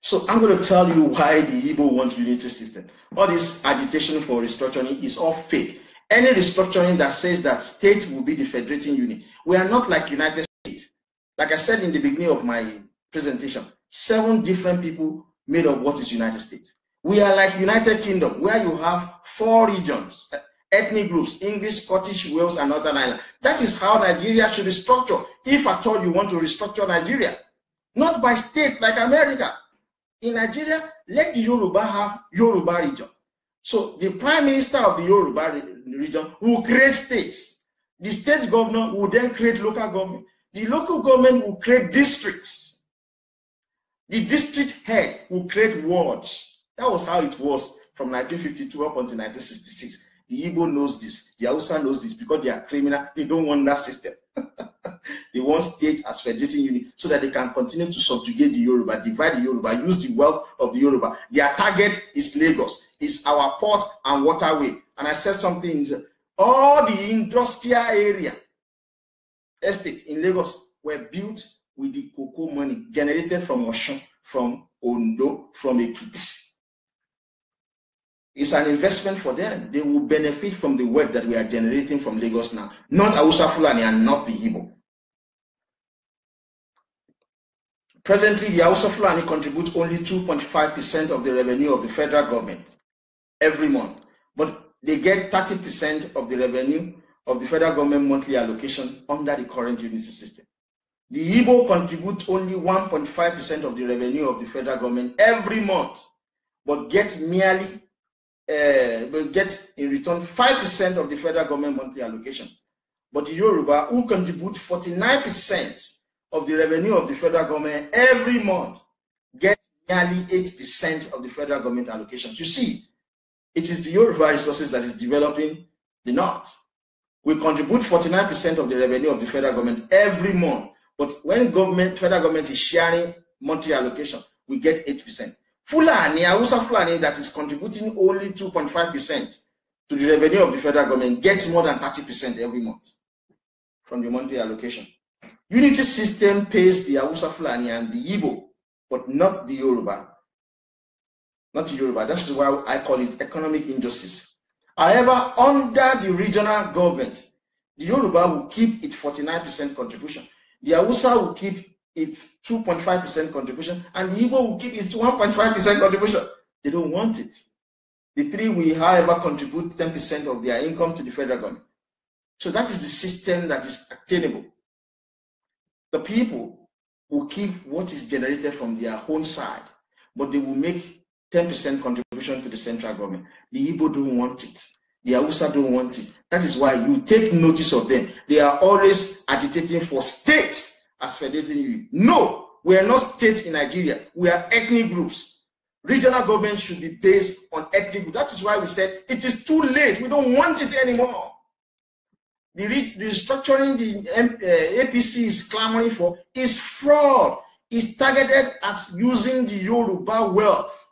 So I'm going to tell you why the Igbo wants unitary system. All this agitation for restructuring is all fake. Any restructuring that says that state will be the federating unit, we are not like United States. Like I said in the beginning of my presentation, seven different people made up what is United States. We are like United Kingdom, where you have four regions, ethnic groups, English, Scottish, Wales, and Northern Ireland. That is how Nigeria should be structured, if at all you want to restructure Nigeria. Not by state like America. in Nigeria, let the Yoruba have Yoruba region. So the prime minister of the Yoruba region will create states. The state governor will then create local government. The local government will create districts. The district head will create wards. That was how it was from 1952 up until 1966. The Igbo knows this. The Hausa knows this because they are criminal. They don't want that system. The one state as federating unit so that they can continue to subjugate the Yoruba, divide the Yoruba, use the wealth of the Yoruba. Their target is Lagos, is our port and waterway. And I said something, all the industrial area estate in Lagos were built with the cocoa money generated from Oshun, from Ondo, from Ekiti. It's an investment for them. They will benefit from the wealth that we are generating from Lagos now. Not Awusa Fulani and not the Igbo. Presently, the House of Fulani contributes only 2.5% of the revenue of the federal government every month, but they get 30% of the revenue of the federal government monthly allocation under the current unity system. The Igbo contribute only 1.5% of the revenue of the federal government every month, but get merely uh, but get in return 5% of the federal government monthly allocation. But the Yoruba, who contribute 49% of the revenue of the federal government every month get nearly 8% of the federal government allocations. You see, it is the Yoruba resources that is developing the North. We contribute 49% of the revenue of the federal government every month. But when government, federal government is sharing monthly allocation, we get 8%. Fulani, usa Fulani, that is contributing only 2.5% to the revenue of the federal government, gets more than 30% every month from the monthly allocation. Unity system pays the Hausa Fulani and the Igbo, but not the Yoruba. Not the Yoruba. That's why I call it economic injustice. However, under the regional government, the Yoruba will keep its 49% contribution. The Hausa will keep its 2.5% contribution, and the Igbo will keep its 1.5% contribution. They don't want it. The three will, however, contribute 10% of their income to the federal government. So that is the system that is attainable. The people will keep what is generated from their own side, but they will make 10% contribution to the central government. The Igbo don't want it. The Hausa don't want it. That is why you take notice of them. They are always agitating for states as federating you. No, we are not states in Nigeria. We are ethnic groups. Regional government should be based on ethnic groups. That is why we said it is too late. We don't want it anymore the restructuring the uh, APC is clamoring for is fraud. Is targeted at using the Yoruba wealth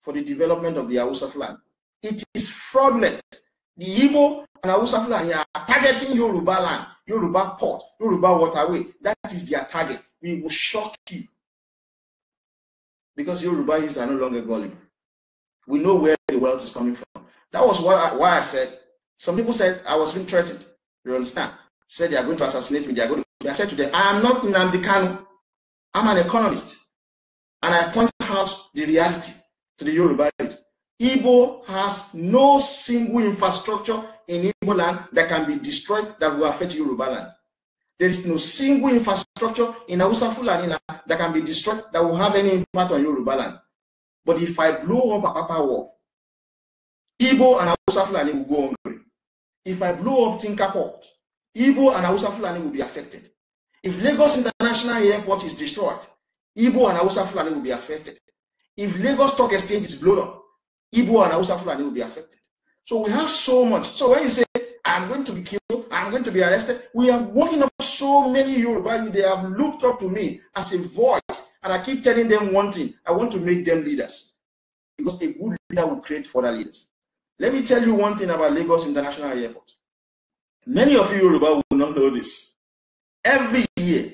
for the development of the Hausa flag. It is fraudulent. The Igbo and Hausa flag are targeting Yoruba land, Yoruba port, Yoruba waterway. That is their target. We will shock you
because Yoruba youth are no longer gullible. We know where the wealth is coming from. That was I, why I said some people said I was being threatened. You
understand? Said they are going to assassinate me. They are going to. I said to them, I am not Nnamdi Kanu. I'm an economist, and I point out the reality to the Yoruba youth. Igbo has no single infrastructure in Igbo land that can be destroyed that will affect Yoruba land. There is no single infrastructure in Hausa Fulani land that can be destroyed that will have any impact on Yoruba land. But if I blow up Apapa War, Igbo and Hausa Fulani will go hungry. if I blow up Tinkerport, Igbo and Hausa Fulani will be affected. If Lagos International Airport is destroyed, Igbo and Hausa Fulani will be affected. If Lagos Stock Exchange is blown up, Igbo and Hausa Fulani will be affected. So we have so much. So when you say, I'm going to be killed, I'm going to be arrested, we are working up so many Yoruba, they have looked up to me as a voice. And I keep telling them one thing, I want to make them leaders. Because a good leader will create further leaders. Let me tell you one thing about Lagos International Airport. Many of you Yoruba will not know this. Every year,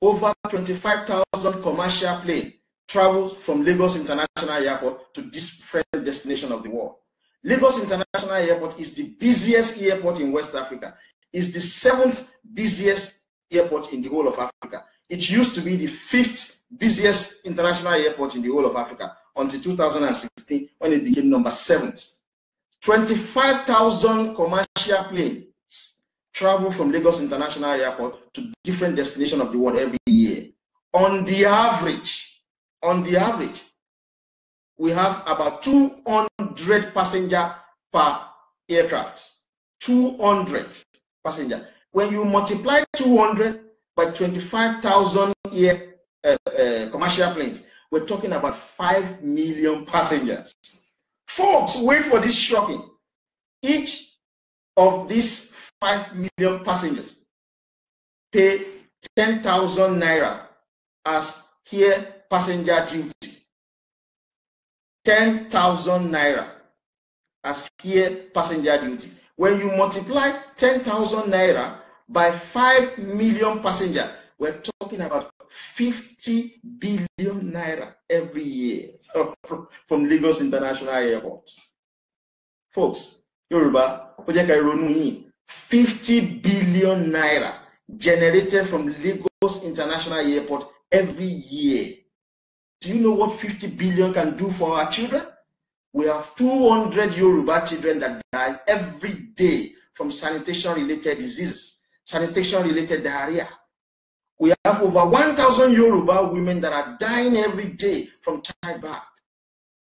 over 25,000 commercial planes travel from Lagos International Airport to different destinations of the world. Lagos International Airport is the busiest airport in West Africa. It's the seventh busiest airport in the whole of Africa. It used to be the fifth busiest international airport in the whole of Africa until 2016 when it became number seventh. 25,000 commercial planes travel from Lagos International Airport to different destinations of the world every year. On the average, on the average, we have about 200 passenger per aircraft. 200 passenger. When you multiply 200 by 25,000 uh, uh, commercial planes, we're talking about 5 million passengers. Folks, wait for this shocking. Each of these 5 million passengers pay 10,000 naira as here passenger duty. 10,000 naira as here passenger duty. When you multiply 10,000 naira by 5 million passenger, we're talking about 50
billion
naira every year from Lagos International Airport. Folks, Yoruba, 50 billion naira generated from Lagos International Airport every year. Do you know what 50 billion can do for our children? We have 200 Yoruba children that die every day from sanitation related diseases, sanitation related diarrhea, we have over 1,000 Yoruba women that are dying every day from childbirth.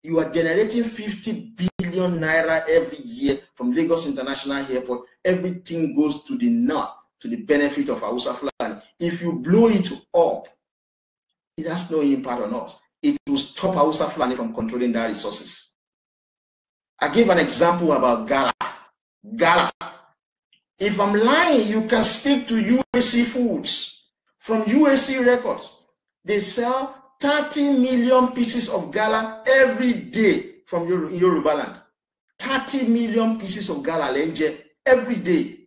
You are generating 50 billion naira every year from Lagos International Airport. Everything goes to the north to the benefit of Hausa Fulani. If you blow it up, it has no impact on us. It will stop Hausa Fulani from controlling their resources. I gave an example about Gala. Gala. If I'm lying, you can speak to USC Foods from USC Records. They sell 30 million pieces of gala every day from Yoruba land. 30 million pieces of gala lenje every day.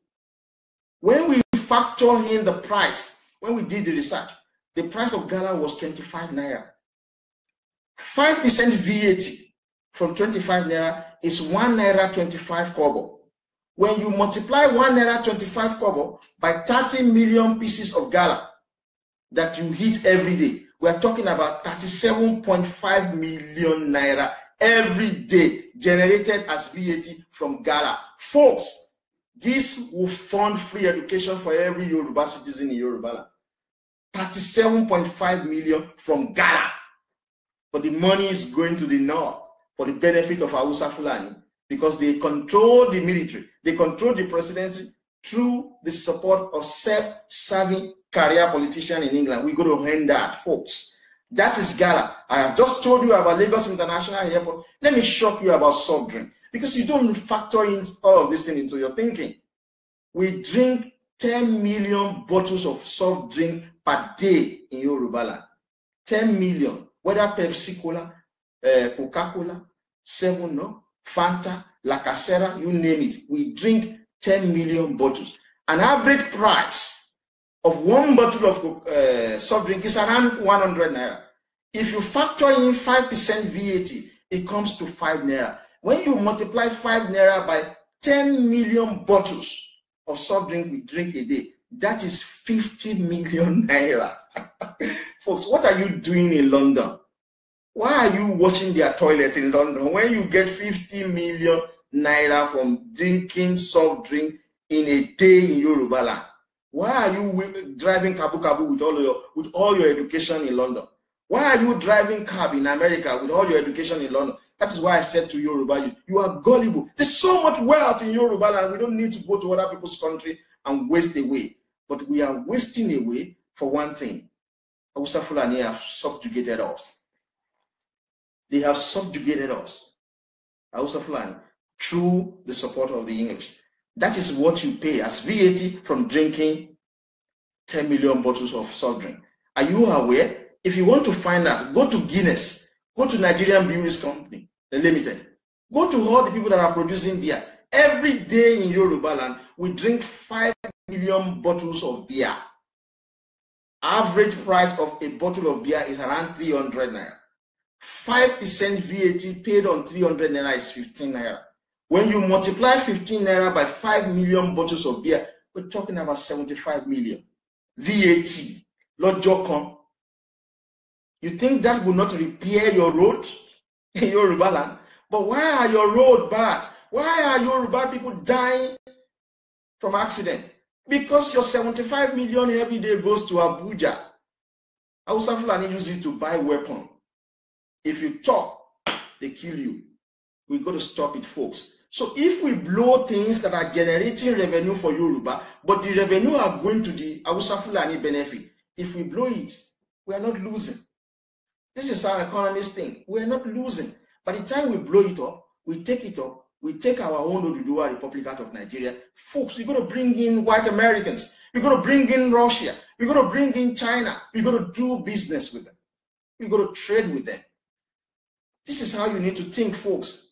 When we factor in the price, when we did the research, the price of gala was 25 naira. 5% VAT from 25 naira is 1 naira 25 kobo. When you multiply 1 naira 25 kobo by 30 million pieces of gala, that you hit every day. We're talking about 37.5 million naira every day generated as VAT from Ghana. Folks, this will fund free education for every Yoruba citizen in Yoruba. 37.5 million from Ghana. But the money is going to the north for the benefit of our Fulani because they control the military, they control the presidency through the support of self serving career politician in England. We're going to end that, folks. That is gala. I have just told you about Lagos International Airport. Let me shock you about soft drink because you don't factor in all of this thing into your thinking. We drink 10 million bottles of soft drink per day in Yorubala. 10 million, whether Pepsi Cola, uh, eh, Coca Cola, Seven Up, Fanta, La Casera, you name it. We drink 10 million bottles. An average price of one bottle of uh, soft drink is around 100 naira. If you factor in 5% VAT, it comes to 5 naira. When you multiply 5 naira by 10 million bottles of soft drink we drink a day, that is 50 million naira. Folks, what are you doing in London? Why are you washing their toilet in London when you get 50 million naira from drinking soft drink in a day in Yoruba land? Why are you driving kabu kabu with all your with all your education in London? Why are you driving cab in America with all your education in London? That is why I said to Yoruba, you, you are gullible. There's so much wealth in Yoruba and We don't need to go to other people's country and waste away. But we are wasting away for one thing. Hausa Fulani have subjugated us. They have subjugated us. Hausa Fulani through the support of the English. That is what you pay as VAT from drinking 10 million bottles of soft drink. Are you aware? If you want to find out, go to Guinness, go to Nigerian Breweries Company Limited, go to all the people that are producing beer. Every day in Yoruba land, we drink 5 million bottles of beer. Average price of a bottle of beer is around 300 naira. 5% VAT paid on 300 naira is 15 naira. When you multiply 15 naira by 5 million bottles of beer, we're talking about 75 million. VAT, Lord Jokon, You think that will not repair your road in Yoruba land? But why are your road bad? Why are Yoruba people dying from accident? Because your 75 million every day goes to Abuja. Hausa Fulani use it to buy weapon. If you talk, they kill you. We got to stop it, folks. So if we blow things that are generating revenue for Yoruba, but the revenue are going to the Hausa benefit, if we blow it, we are not losing. This is how economists think. We are not losing. By the time we blow it up, we take it up, we take our own Oduduwa Republic out of Nigeria. Folks, We are going to bring in white Americans. We are going to bring in Russia. We are going to bring in China. We are going to do business with them. We are going to trade with them. This is how you need to think, folks.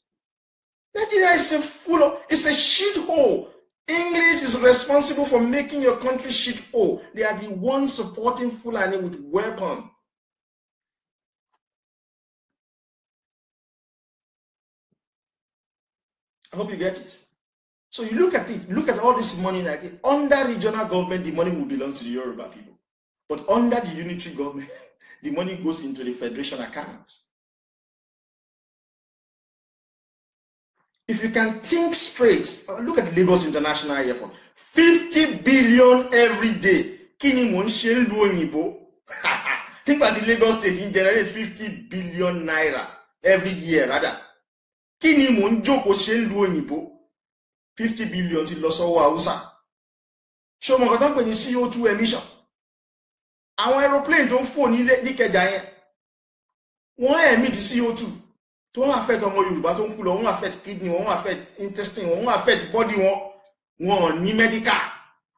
Nigeria is a full of, it's a shithole. English is responsible
for making your country shithole. They are the ones supporting Fulani with weapon. I hope you get it. So you look at it, look at all this money like Under regional government, the money will belong to the Yoruba people. But under the unitary government, the money goes into the federation account. if you can think straight uh, look at Lagos International Airport fifty
billion every day kí ni mò ń ṣe ń lu òyìnbó nígbà tí Lagos state ń generate fifty billion naira every year rather kí ni mò ń jókòó ṣe ń lu òyìnbó fifty billion ti lọ sọ́wọ́ Haúsá ṣé o mọ̀ nǹkan tó ń pè ní CO2 emission àwọn aeroplane tó ń fò ní Ìkẹjà yẹn wọ́n emit CO2 tó ń affect ọmọ yorùbá tó ń kú lọ wọ́n affect kidney wọn wọ́n affect intestine wọn wọ́n affect body wọn wọn ní medical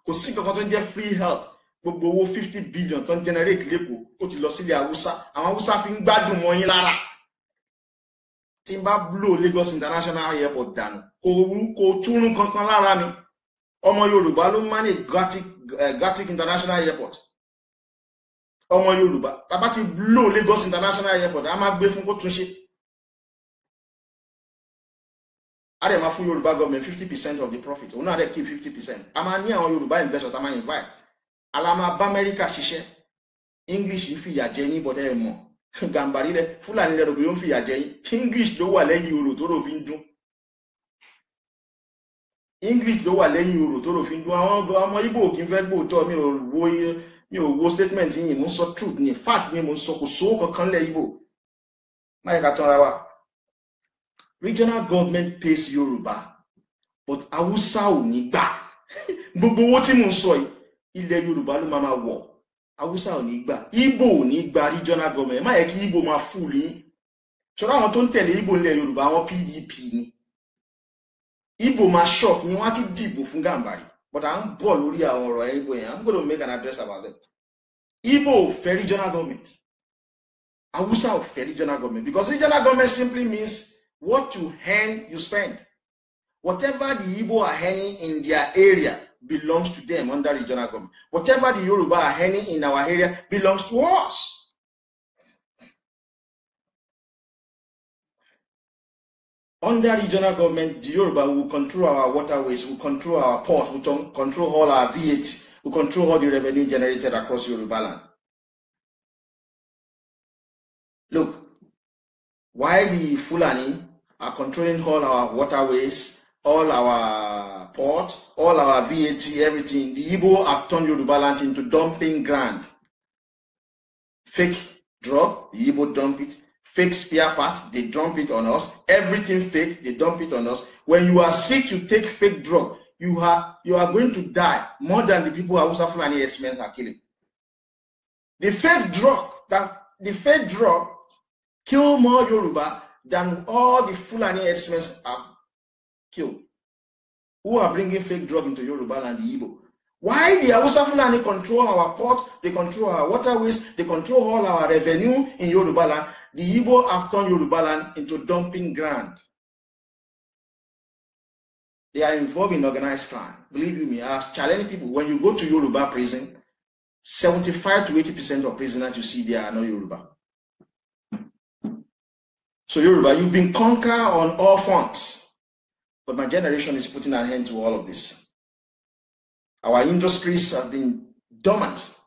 kò sí kankan tó ń jẹ́ free health gbogbo owó fifty billion tó ń generate lẹ́kọ̀ọ́ ó ti lọ sílẹ̀ haúsá àwọn haúsá fi ń gbádùn mọ́ yín lára tí n bá blow Lagos International Airport dànù kò wú kò túrún kankan lára ni ọmọ yorùbá ló
manage Gatwick eh, Gatwick International Airport ọmọ yorùbá tàbá ti blow Lagos International Airport a máa gbé fún kó túnṣe.
a dẹ̀ máa fún yorùbá government fifty percent of the profit òun náà dẹ̀ keep fifty percent a máa ní àwọn yorùbá investors a máa invite alama bá amẹ́ríkà ṣiṣẹ́ english ń fìyà jẹ yín bọ́tẹ́ ẹ̀ mọ̀ gàǹbarí rẹ fúlàní rẹ rògbé ó ń fìyà jẹ yín english ló wà lẹ́yìn orò tó rò fi ń dún english ló wà lẹ́yìn orò tó rò fi ń dún àwọn ọmọ ibo kì í fẹ́ gbóòótọ́ mi ò wo mi ò wo statement yìí mo ń sọ truth ni fact mi mo ń sọ kò sówó kankan lẹ́ ibo má yẹ ká ra wa regional government pays yoruba but Haúsá ò ní gbà gbogbo owó tí mo ń sọ yìí ilẹ̀ yoruba ló máa máa wọ̀ Haúsá ò ní gbà Ìgbò ò ní gba regional government má yẹ kí Ìgbò máa fù ní ṣọ́ra àwọn tó ń tẹ̀lé Ìgbò nílẹ̀ Yorùbá àwọn PDP ni Ìgbò máa shock ni wọ́n á tún dìbò fún Gàmbàrí but à ń bọ̀ lórí àwọn ọ̀rọ̀ Ìgbò yẹn I'm gonna make an address about them Ìgbò ò fẹ́ regional government Haúsá ò fẹ́ regional government because regional government simply means What you earn, you spend. Whatever the Igbo are earning in their area belongs
to them under regional government. Whatever the Yoruba are earning in our area belongs to us. Under regional government, the Yoruba will control our waterways, will control our ports, will control all our VAT, will control all the revenue generated across Yoruba land. Look, why the Fulani are controlling
all our waterways, all our port, all our VAT, everything. The Igbo have turned Yoruba land into dumping ground. Fake drug, the Igbo dump it. Fake spear part, they dump it on us. Everything fake, they dump it on us. When you are sick, you take fake drug. You are you are going to die more than the people who Hausa Fulani experts are killing. The fake drug that the fake drug kill more Yoruba than all the Fulani extremists have killed who are bringing fake drug into Yoruba land, the Igbo. Why the Hausa Fulani control our port, they control our waterways, they control all our revenue in Yoruba land. The Igbo have turned Yoruba land into dumping ground. They are involved in organized crime. Believe you me, I've challenged people. When you go to Yoruba prison, 75 to 80% of prisoners you see there are not
Yoruba. So Yoruba, you've been conquered on all fronts. But my generation is putting an end to all of this. Our
industries have been dormant.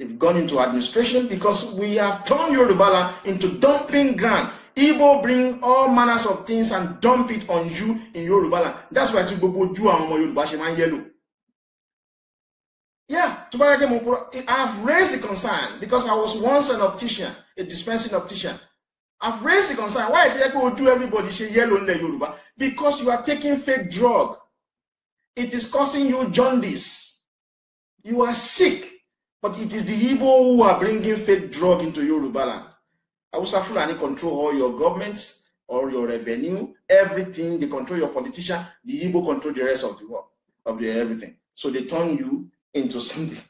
They've gone into administration because we have turned Yorubala into dumping ground. Igbo bring all manners of things and dump it on you in Yorubala. That's why Tibobo do and Omo Yoruba Sheman Yellow. Yeah, I've raised the concern because I was once an optician, a dispensing optician. I've raised the concern. Why did go do everybody say yellow in Yoruba? Because you are taking fake drug. It is causing you jaundice. You are sick. But it is the Igbo who are bringing fake drug into Yoruba land. suffer and control all your government, all your revenue, everything. They control your politician. The Igbo control the rest of the world, of the everything. So they turn you into something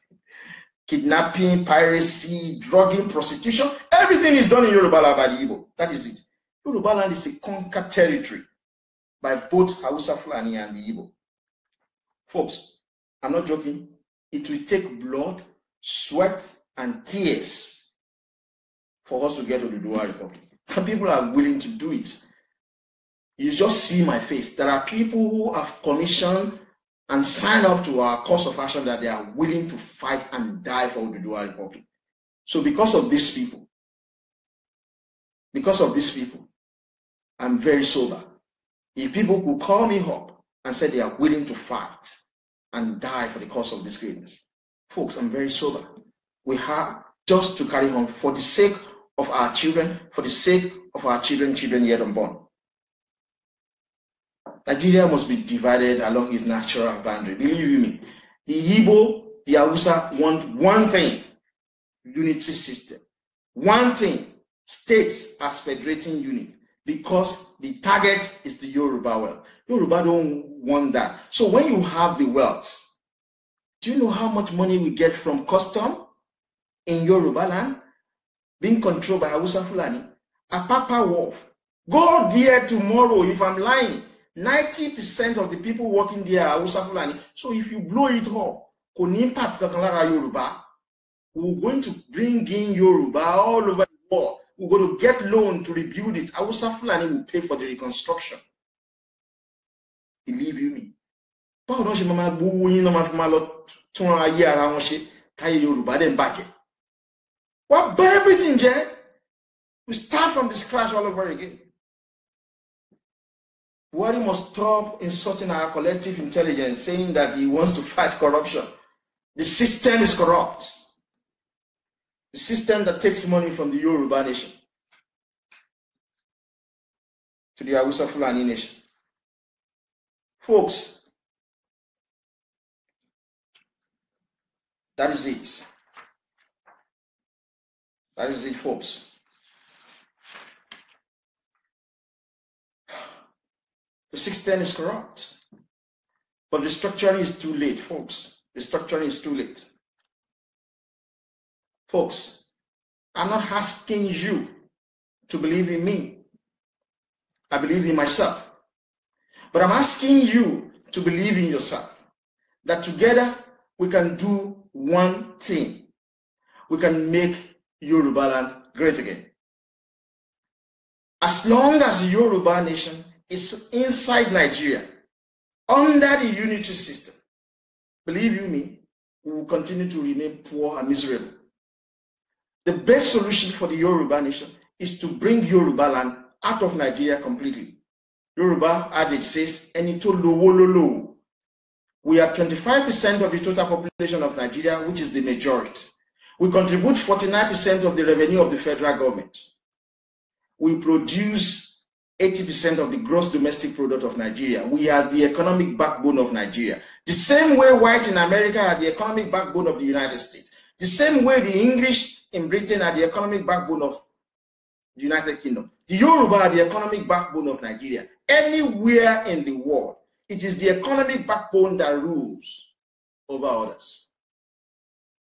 kidnapping, piracy, drugging, prostitution. Everything is done in Yoruba land by the Igbo. That is it. Yoruba land is a conquered territory
by both Hausa Fulani and the Igbo. Folks, I'm not joking. It will take blood, sweat, and tears
for us to get to the Dual Republic. And people are willing to do it. You just see my face. There are people who have commissioned and sign up to our course of action
that they are willing to fight and die for the dual Republic. So, because of these people, because of these people, I'm very sober. If people could call me up and say they are willing to fight and die for the cause
of this greatness, folks, I'm very sober. We have just to carry on for the sake of our children, for the sake of our children, children yet unborn. Nigeria must be divided along its natural boundary. Believe you me, the Igbo, the Hausa want one thing: unitary system. One thing: states as federating unit, because the target is the Yoruba wealth. Yoruba don't want that. So when you have the wealth, do you know how much money we get from custom in Yoruba land being controlled by Hausa Fulani? A papa wolf. Go there tomorrow if I'm lying. Ninety percent of the people working there are Hausa Fulani. So if you blow it up, kò ní impact kankan lára Yorùbá. We're going to bring in Yoruba all over the world. We're going to get loan to rebuild it. Hausa Fulani will pay for the reconstruction. Believe you me. Báwo ni wọ́n ṣe máa gbowó yín náà máa fi máa lọ
tún ayé ara wọn ṣe táyé Yorùbá dẹ̀ ń bàjẹ́? Wọ́n bá everything jẹ́. We start from the scratch all over again.
Wari must stop insulting our collective intelligence, saying that he wants to fight corruption. The system is corrupt. The system that takes money from the
Yoruba nation to the Hausa Fulani nation. Folks, that is it. That is it, folks. 610 is corrupt. But the is too late, folks. The is too late. Folks, I'm not asking you to believe in me. I believe in myself.
But I'm asking you to believe in yourself. That together we can do one thing. We can make Yoruba land
great again. As long as Yoruba nation is inside Nigeria under the unitary system, believe you me, we will continue to remain poor and miserable. The best solution for the
Yoruba nation is to bring Yoruba land out of Nigeria completely. Yoruba, as it says, Enito Lowololo. We are 25% of the total population of Nigeria, which is the majority. We contribute 49% of the revenue of the federal government. We produce 80% of the gross domestic product of Nigeria. We are the economic backbone of Nigeria. The same way white in America are the economic backbone of the United States. The same way the English in Britain are the economic backbone of the United Kingdom. The Yoruba are the economic backbone of Nigeria. Anywhere in the world, it is the economic backbone that rules over others.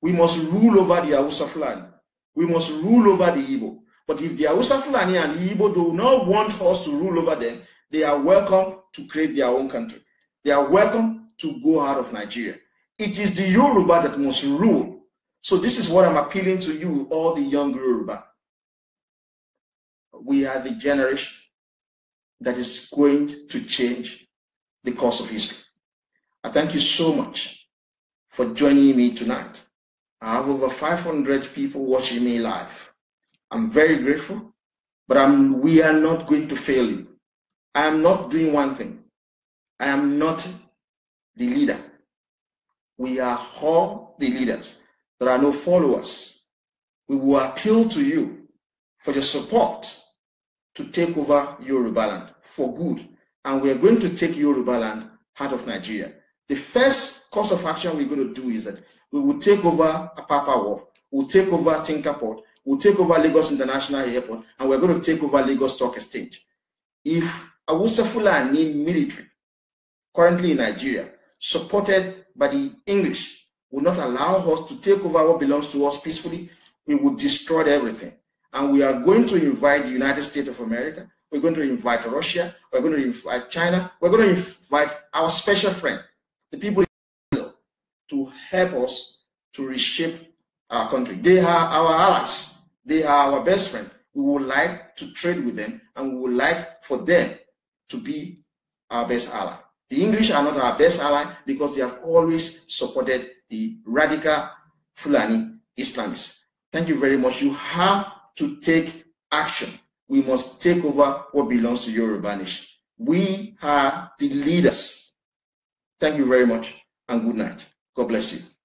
We must rule over the Hausa We must rule over the Igbo. But if the Hausa Fulani and the Igbo do not want us to rule over them, they are welcome to create their own country. They are welcome to go out of Nigeria. It is the Yoruba that must rule. So this is what I'm appealing to you, all the young Yoruba.
We are the generation that is going to change the course of history. I thank you so much
for joining me tonight. I have over 500 people watching me live. I'm very grateful, but I'm, we are not going to fail you. I am not doing one thing. I am not the leader. We are all the leaders. There are no followers. We will appeal to you for your support to take over Yorubaland for good. And we are going to take Yorubaland out of Nigeria. The first course of action we're going to do is that we will take over Apapa Wharf, we'll take over Tinkerport, We'll take over Lagos International Airport and we're going to take over Lagos Stock Exchange. If Awusa Fulani military, currently in Nigeria, supported by the English, will not allow us to take over what belongs to us peacefully, we would destroy everything. And we are going to invite the United States of America, we're going to invite Russia, we're going to invite China, we're going to invite our special friend, the people to help us to reshape our country. They are our allies. They are our best friend. We would like to trade with them and we would like for them to be our best ally. The English are not our best ally because they have always supported the radical Fulani Islamists. Thank you very much. You have to take action. We must take over what belongs to Yoruba Nation.
We are the leaders. Thank you very much and good night. God bless you.